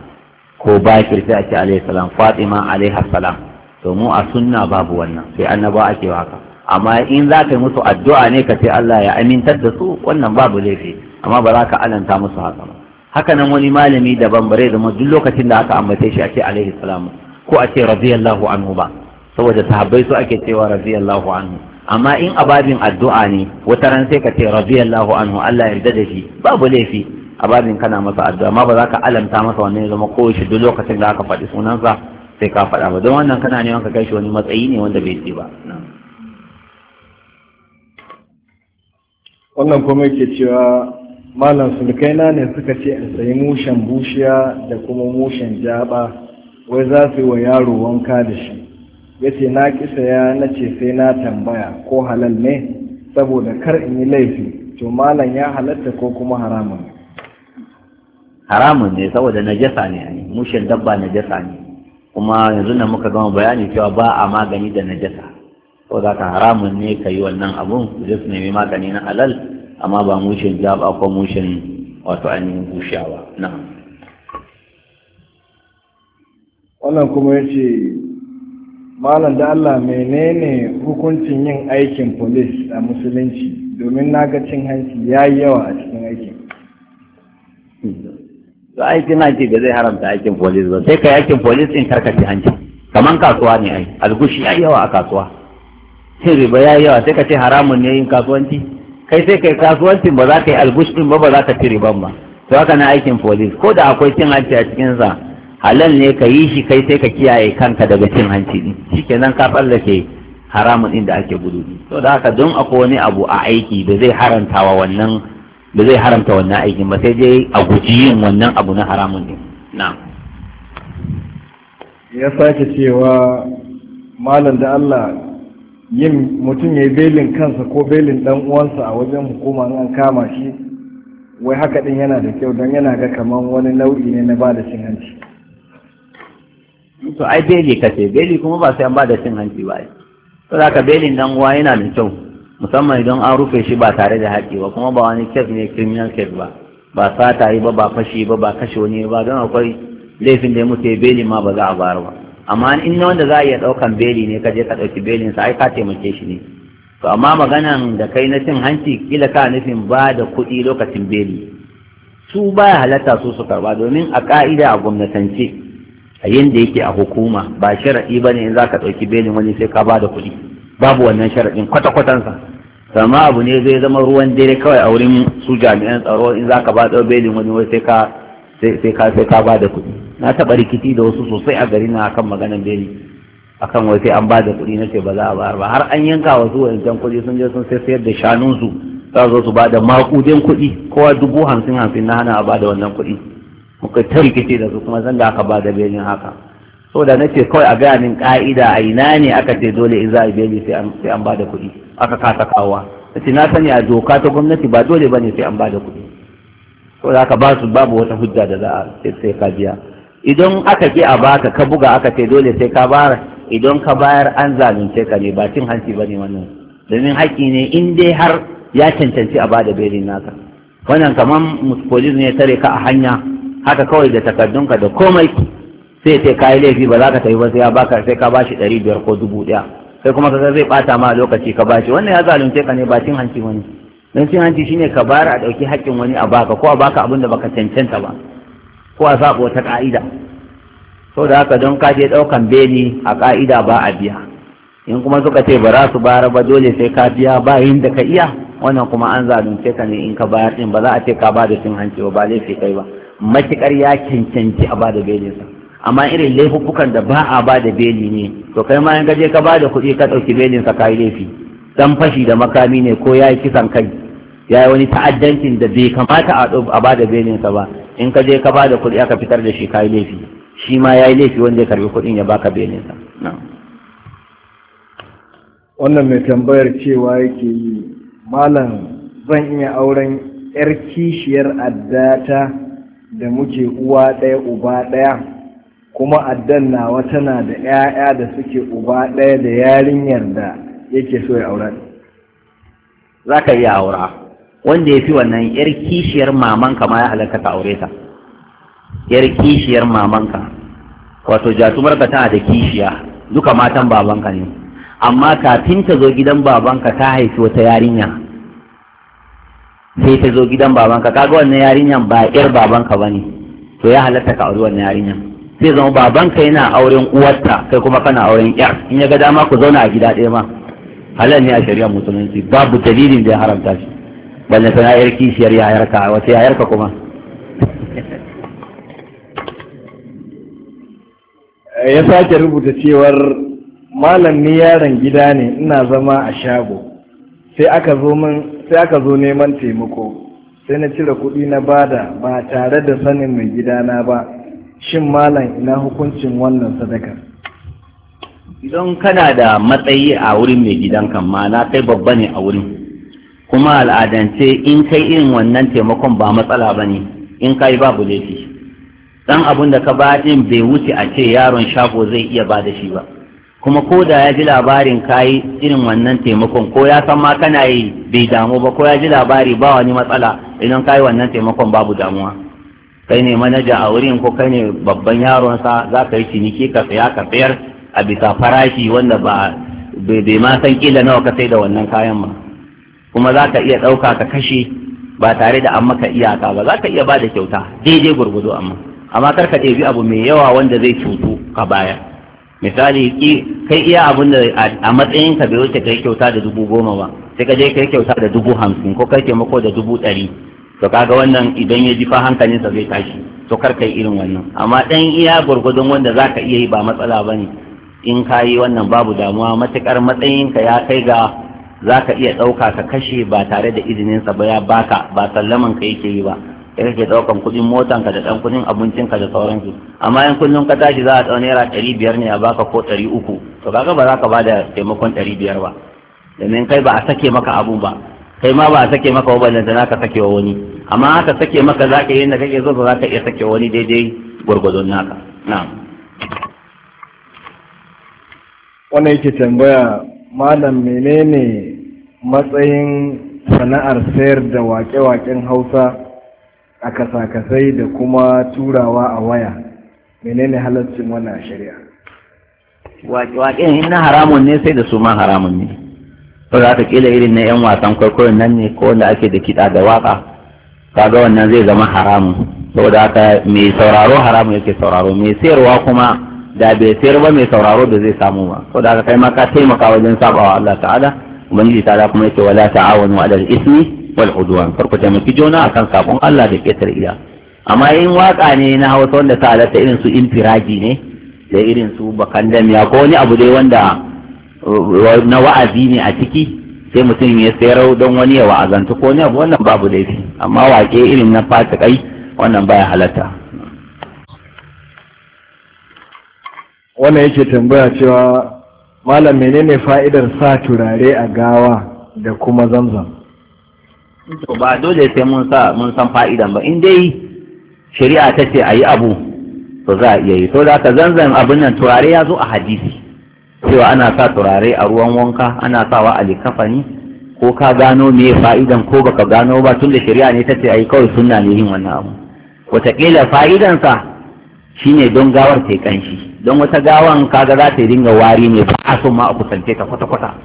[SPEAKER 1] ko Bakir sai a ce alaihi salam Fatima alaihi salam to mu a sunna babu wannan sai annaba ake waka amma in za ka yi musu addu'a ne ka ce Allah ya amintar da su wannan babu laifi amma ba za ka alanta musu haka ba haka nan wani malami daban bare zama duk lokacin da aka ambace shi a ce alaihi salamu ko a ce radiyallahu anhu ba saboda sahabbai su ake cewa radiyallahu anhu amma in ababin addu'a ne wata ran sai ka ce radiyallahu anhu Allah ya yarda da shi babu laifi ababin kana masa addu'a amma ba za ka alanta masa wannan ya zama ko shi duk lokacin da aka faɗi sunansa sai ka faɗa ba don wannan kana neman ka kai shi wani matsayi ne wanda bai ce ba
[SPEAKER 2] wannan kuma ke cewa malam sulkaina ne suka ce in sayi mushen bushiya da kuma mushen jaba wai za su yi wa yaro wanka da shi ya ce na kisa ya na ce sai na tambaya ko halal ne saboda kar in yi laifi to malam ya halatta ko kuma haramun
[SPEAKER 1] haramun ne saboda najasa ne mushen dabba najasa ne kuma yanzu nan muka gama bayani cewa ba a magani da najasa ko za ka haramun ne ka yi wannan abun zai su nemi magani na halal amma ba mushin jaba ko mushin wato ainihin bushawa na
[SPEAKER 2] wannan kuma ya ce malam da allah menene hukuncin yin aikin polis a musulunci domin na ga cin hanci ya yi yawa a cikin aikin to aikin hanci da zai
[SPEAKER 1] haramta aikin polis ba sai ka yi aikin polis in karkace hanci Kamar kasuwa ne ai algushi ya yi yawa a kasuwa sai riba ya yawa sai ka ce haramun ne yin kasuwanci kai sai kai kasuwanci ba za ka yi algush ɗin ba ba za ka ci riban ba to haka na aikin police ko da akwai cin hanci a cikin sa halal ne ka yi shi kai sai ka kiyaye kanka daga cin hanci din nan ka tsallake haramun din da ake gudu to da haka don akwai wani abu a aiki da zai haranta wa wannan da zai haramta wannan aikin ba sai dai a guji yin wannan abu na haramun din na'am
[SPEAKER 2] ya sake cewa malam da Allah yin mutum ya yi belin kansa ko belin dan uwansa a wajen hukuma an kama shi wai haka din yana da kyau don yana ga kamar wani nau'i ne na bada cin hanci
[SPEAKER 1] to ai beli kace beli kuma ba sai an bada cin hanci ba to haka belin dan uwa yana da kyau musamman idan an rufe shi ba tare da haƙi ba kuma ba wani kes ne criminal kes ba ba sata yi ba ba fashi ba ba kashe wani ba don akwai laifin da ya mutu ya beli ma ba za a bayar ba amma in na wanda za a iya ɗaukan beli ne ka je ka ɗauki belin sa ai ka taimake shi ne to amma maganan da kai na cin hanci kila ka nufin ba da kuɗi lokacin beli su ba ya halatta su su karba domin a ka'ida a gwamnatance a yadda yake a hukuma ba sharaɗi ba ne in za ka ɗauki belin wani sai ka ba da kuɗi babu wannan sharaɗin kwata-kwatansa sama abu ne zai zama ruwan dare kawai a wurin su jami'an tsaro in za ka ba ɗau belin wani wai sai ka ba da kuɗi na taɓa rikici da wasu sosai a garin na akan maganan beli akan wai sai an ba da kuɗi na ce ba za a bayar ba har an yanka wasu wayancan kuɗi sun je sun sayar da shanunsu za zo su ba da maƙudin kuɗi kowa dubu hamsin hamsin na hana a ba da wannan kuɗi muka ta rikici da su kuma zan da aka ba da belin haka saboda na ce kawai a gaya min ƙa'ida a ina ne aka ce dole in za a beli sai an ba da kuɗi aka kasa kawowa na ce na sani a doka ta gwamnati ba dole ba ne sai an ba da kuɗi saboda haka ba su babu wata hujja da za a sai ka biya idan aka ki a baka ka buga aka ce dole sai ka bayar idan ka bayar an zalunce ka ne ba cin hanci ba ne wannan domin haƙƙi ne in dai har ya cancanci a bada belin naka wannan kamar polis ne tare ka a hanya haka kawai da takardunka da komai sai sai ka yi laifi ba za ka tafi ba sai ya baka sai ka bashi ɗari biyar ko dubu ɗaya sai kuma kaga zai ɓata ma lokaci ka bashi wannan ya zalunce ka ne ba cin hanci wani don cin hanci shine ka bayar a ɗauki haƙƙin wani a baka ko a baka abin da baka cancanta ba ko a saba wata ka'ida sau da haka don kaje ɗaukan beni a ƙa'ida ba a biya in kuma suka ce ba za su bara ba dole sai ka biya ba da ka iya wannan kuma an zalunce ka ne in ka bayar ɗin ba za a ce ka ba da cin hanci ba ba laifi kai ba matuƙar ya cancanci a ba da belinsa amma irin laifukan da ba a ba da beli ne to kai ma in gaje ka ba da kuɗi ka ɗauki belinsa ka yi laifi dan fashi da makami ne ko ya yi kisan kai ya yi wani ta'addancin da bai kamata a ba da belinsa ba in ka je ka ba da kuɗi aka fitar da shi kayi laifi shi ma ya yi laifi wanda ya karbi kuɗin ya baka sa
[SPEAKER 2] wannan mai tambayar cewa yake yi malam zan iya auren yar kishiyar addata da muke uwa ɗaya uba ɗaya kuma addan nawa tana da 'ya'ya da suke uba ɗaya da yarinyar da yake so ya aura
[SPEAKER 1] za ka iya aura wanda ya fi wannan yar kishiyar mamanka ma ya halarta ka aure ta yar kishiyar mamanka wato jatumar ka tana da kishiya duka matan babanka ne amma kafin ta zo gidan babanka ta haifi wata yarinya sai ta zo gidan babanka kaga wannan yarinyan ba yar babanka bane to ya halarta ka aure wannan yarinyan sai zama babanka yana auren uwarta kai kuma kana auren yar in ya ga dama ku zauna a gida ɗaya ma halal ne a shari'ar musulunci babu dalilin da ya haramta shi balle sana
[SPEAKER 2] yar kishiyar yayarka wace yayarka kuma ya sake rubuta cewar malam ni yaron gida ne ina zama a shago sai aka zo min sai aka zo neman taimako sai na cire kuɗi na bada ba tare da sanin mai gidana ba shin malam ina hukuncin wannan sadaka.
[SPEAKER 1] idan kana da matsayi a wurin mai gidanka ma na kai babba ne a wurin kuma al'adance in kai irin wannan taimakon ba matsala ba ne in kai babu laifi dan abun da ka ba din bai wuce a ce yaron shago zai iya ba da shi ba kuma ko da ya ji labarin kai irin wannan taimakon ko ya san ma kana yi bai damu ba ko ya ji labari ba wani matsala idan kai wannan taimakon babu damuwa kai ne manaja a wurin ko kai ne babban yaron sa za ka yi ciniki ka saya ka sayar a bisa farashi wanda ba bai ma san kila nawa ka sai da wannan kayan ba? kuma za ka iya ɗauka ka kashe ba tare da an maka iyaka ba za ka iya ba da kyauta daidai gwargwado amma amma kar ka ɗebi abu mai yawa wanda zai cutu ka baya. misali kai iya abin da a matsayinka bai wuce kai kyauta da dubu goma ba sai ka je kai kyauta da dubu hamsin ko kai taimako da dubu ɗari to kaga wannan idan ya ji fa hankalinsa zai tashi to kar kai irin wannan amma ɗan iya gwargwadon wanda za ka iya yi ba matsala ba ne in ka yi wannan babu damuwa matuƙar matsayinka ya kai ga za ka iya ɗauka ka kashe ba tare da izininsa ba ya baka ba sallaman ka yake yi ba ya kake ɗaukan kuɗin motanka da ɗan kuɗin abincinka da sauransu amma in kullum ka tashi za a tsawon naira ɗari biyar ne a baka ko ɗari uku to kaga ba za ka ba da taimakon ɗari biyar ba domin kai ba a sake maka abun ba kai ma ba a sake maka ba lantana ka sake wa wani amma aka sake maka za ka yi yadda kake so za ka iya sake wani daidai gwargwadon naka
[SPEAKER 2] na'am wannan yake tambaya malam menene matsayin sana'ar sayar da wake-waken hausa a kasakasai da kuma turawa a waya menene halaccin wannan shari'a wake-waken na haramun ne sai da
[SPEAKER 1] su ma haramun ne ko za ka kila irin na 'yan wasan kwaikwayon nan ne ko wanda ake da kiɗa da waka kaga wannan zai zama haramun saboda haka mai sauraro haramun yake sauraro mai sayarwa kuma da bai sayar ba mai sauraro da zai samu ba saboda haka kai ma ka taimaka wajen sabawa Allah ta'ala ubangiji ta kuma yake wala ta'awanu ala al-ismi wal udwan farko ta miki jona akan sabon Allah da ketar iya amma in waka ne na Hausa wanda ta alata irin su infiraji ne da irin su bakandam ya ko wani abu dai wanda eh, na wa'azi ne a ciki sai mutum ya sayar don wani ya wa'azanta ko wani abu wannan babu laifi amma wake irin na fata kai wannan baya halatta
[SPEAKER 2] wannan yake tambaya cewa malam menene fa'idar sa turare a gawa da kuma zamzam
[SPEAKER 1] ba dole sai mun sa mun san fa'idan ba in dai shari'a ta ce ayi abu to za a iya yi to da ka zanzan abin nan turare ya zo a hadisi cewa ana sa turare a ruwan wanka ana sawa a likafani ko ka gano me fa'idan ko baka gano ba tunda shari'a ne ta ce ayi kawai sunna ne yin wannan abu wataƙila fa'idansa shine don gawar ta kanshi don wata gawan kaga za ta yi dinga wari ne ba a so ma a kusance ta kwata-kwata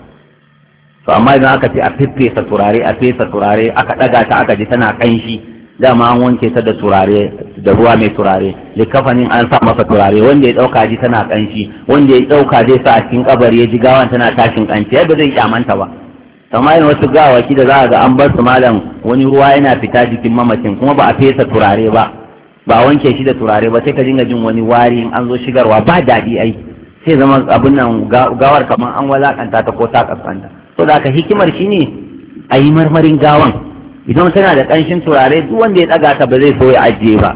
[SPEAKER 1] to amma idan aka ce a fesa turare a fesa turare aka ɗaga ta aka ji tana ƙanshi dama an wanke ta da turare da ruwa mai turare kafanin an sa masa turare wanda ya ɗauka ji tana ƙanshi wanda ya ɗauka zai sa a cikin kabari ya ji gawan tana tashin ƙanshi yadda zai kyamanta ba amma yin wasu gawaki da za a ga an bar su malam wani ruwa yana fita jikin mamacin kuma ba a fesa turare ba ba wanke shi da turare ba sai ka dinga jin wani wari in an zo shigarwa ba daɗi ai sai zama abin nan gawar kamar an walakanta ta ko ta kaskanta to da ka hikimar shi ne a yi marmarin gawan idan tana da ƙanshin turare duk wanda ya ɗaga ta ba zai so ya ajiye ba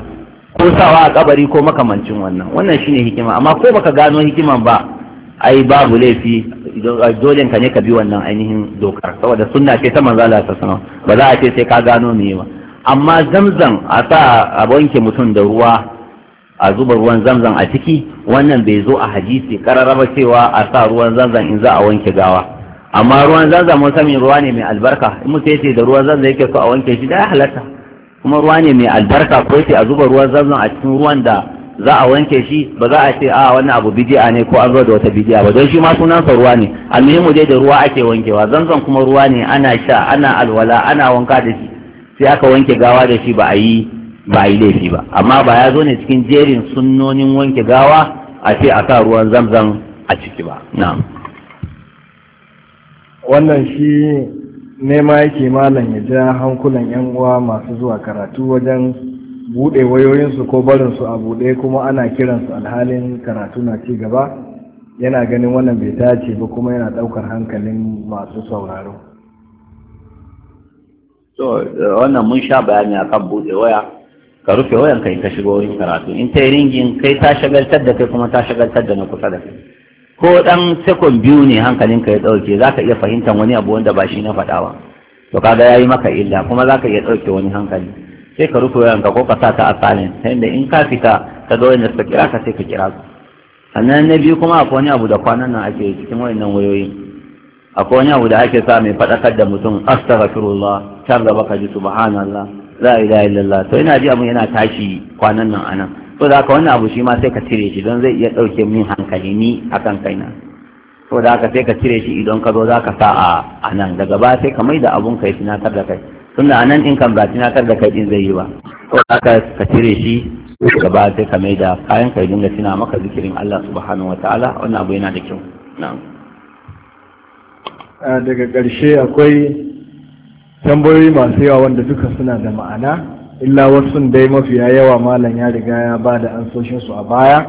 [SPEAKER 1] ko sawa a kabari ko makamancin wannan wannan shine hikima amma ko baka gano hikiman ba ai babu laifi dole ka ne ka bi wannan ainihin dokar saboda sunna ce ta manzala ta sanar ba za a ce sai ka gano me ba amma zamzam a sa a wanke mutum da ruwa a zuba ruwan zamzam a ciki wannan bai zo a hadisi kararraba cewa a sa ruwan zamzam in za a wanke gawa amma ruwan zamzam mun sami ruwa ne mai albarka in mutum yace da ruwan zamzam yake so a wanke shi da ya halatta kuma ruwa ne mai albarka ko yace a zuba ruwan zamzam a cikin ruwan da za a wanke shi ba za a ce a ah, wannan abu bidi'a ne ko an zo da wata bidi'a ba don shi ma sunansa ruwa ne al almuhimu dai da ruwa ake wankewa zanzan kuma ruwa ne ana sha ana alwala ana wanka da shi sai aka wanke gawa da shi ba a yi ba a yi laifi ba amma ba ya zo ne cikin jerin sunnonin wanke gawa a ce a sa ruwan zamzam a ciki ba na'am
[SPEAKER 2] wannan shi nema yake malam ya ja hankulan yan uwa masu zuwa karatu wajen buɗe wayoyinsu ko barinsu a bude kuma ana kiran su alhalin karatu na ci gaba yana ganin wannan bai dace ba kuma yana daukar hankalin masu sauraro to
[SPEAKER 1] wannan mun sha bayani a kan buɗe waya ka rufe wayan kai ka shigo wurin karatu in ta ringin kai ta shagaltar da kai kuma ta shagaltar da na kusa da kai ko dan sekon biyu ne hankalin ka ya ɗauke za ka iya fahimtar wani abu wanda ba shi na faɗawa to kaga ya yi maka illa kuma za ka iya ɗauke wani hankali sai ka rufe wayanka ko ka sa ta a salin yadda in ka fita ta ga da suka kira ka sai ka kira su sannan na biyu kuma akwai wani abu da kwanan nan ake cikin wayannan wayoyin akwai wani abu da ake sa mai faɗakar da mutum astaghfirullah can gaba ka ji subhanallah la ilaha illallah to ina ji abun yana tashi kwanan nan anan to da haka wannan abu shi ma sai ka cire shi don zai iya ɗauke min hankali ni akan kaina to da haka sai ka cire shi idan ka zo za ka sa a anan daga ba sai ka mai da abun kai tunatar da kai tunda da anan in kan ba tunatar da kai din zai yi ba to da haka ka cire shi gaba sai ka mai da kayan ka dinga tuna maka zikirin Allah subhanahu wataala wannan abu yana da kyau na'am
[SPEAKER 2] daga ƙarshe akwai tambayoyi masu yawa wanda duka suna da ma'ana illa wasu dai mafiya yawa malam ya riga ya ba da ansoshinsu a baya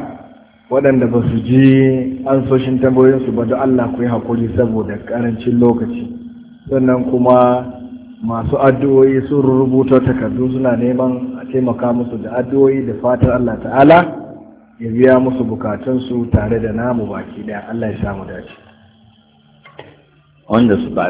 [SPEAKER 2] waɗanda ba su ji ansoshin tambayoyinsu ba da Allah ku yi haƙuri saboda ƙarancin lokaci sannan kuma masu addu'o'i sun rubuta takardu suna neman a taimaka musu da addu'o'i da fatar Allah ta'ala ya biya musu bukatunsu tare da namu baki ɗaya Allah ya samu dace on the spot.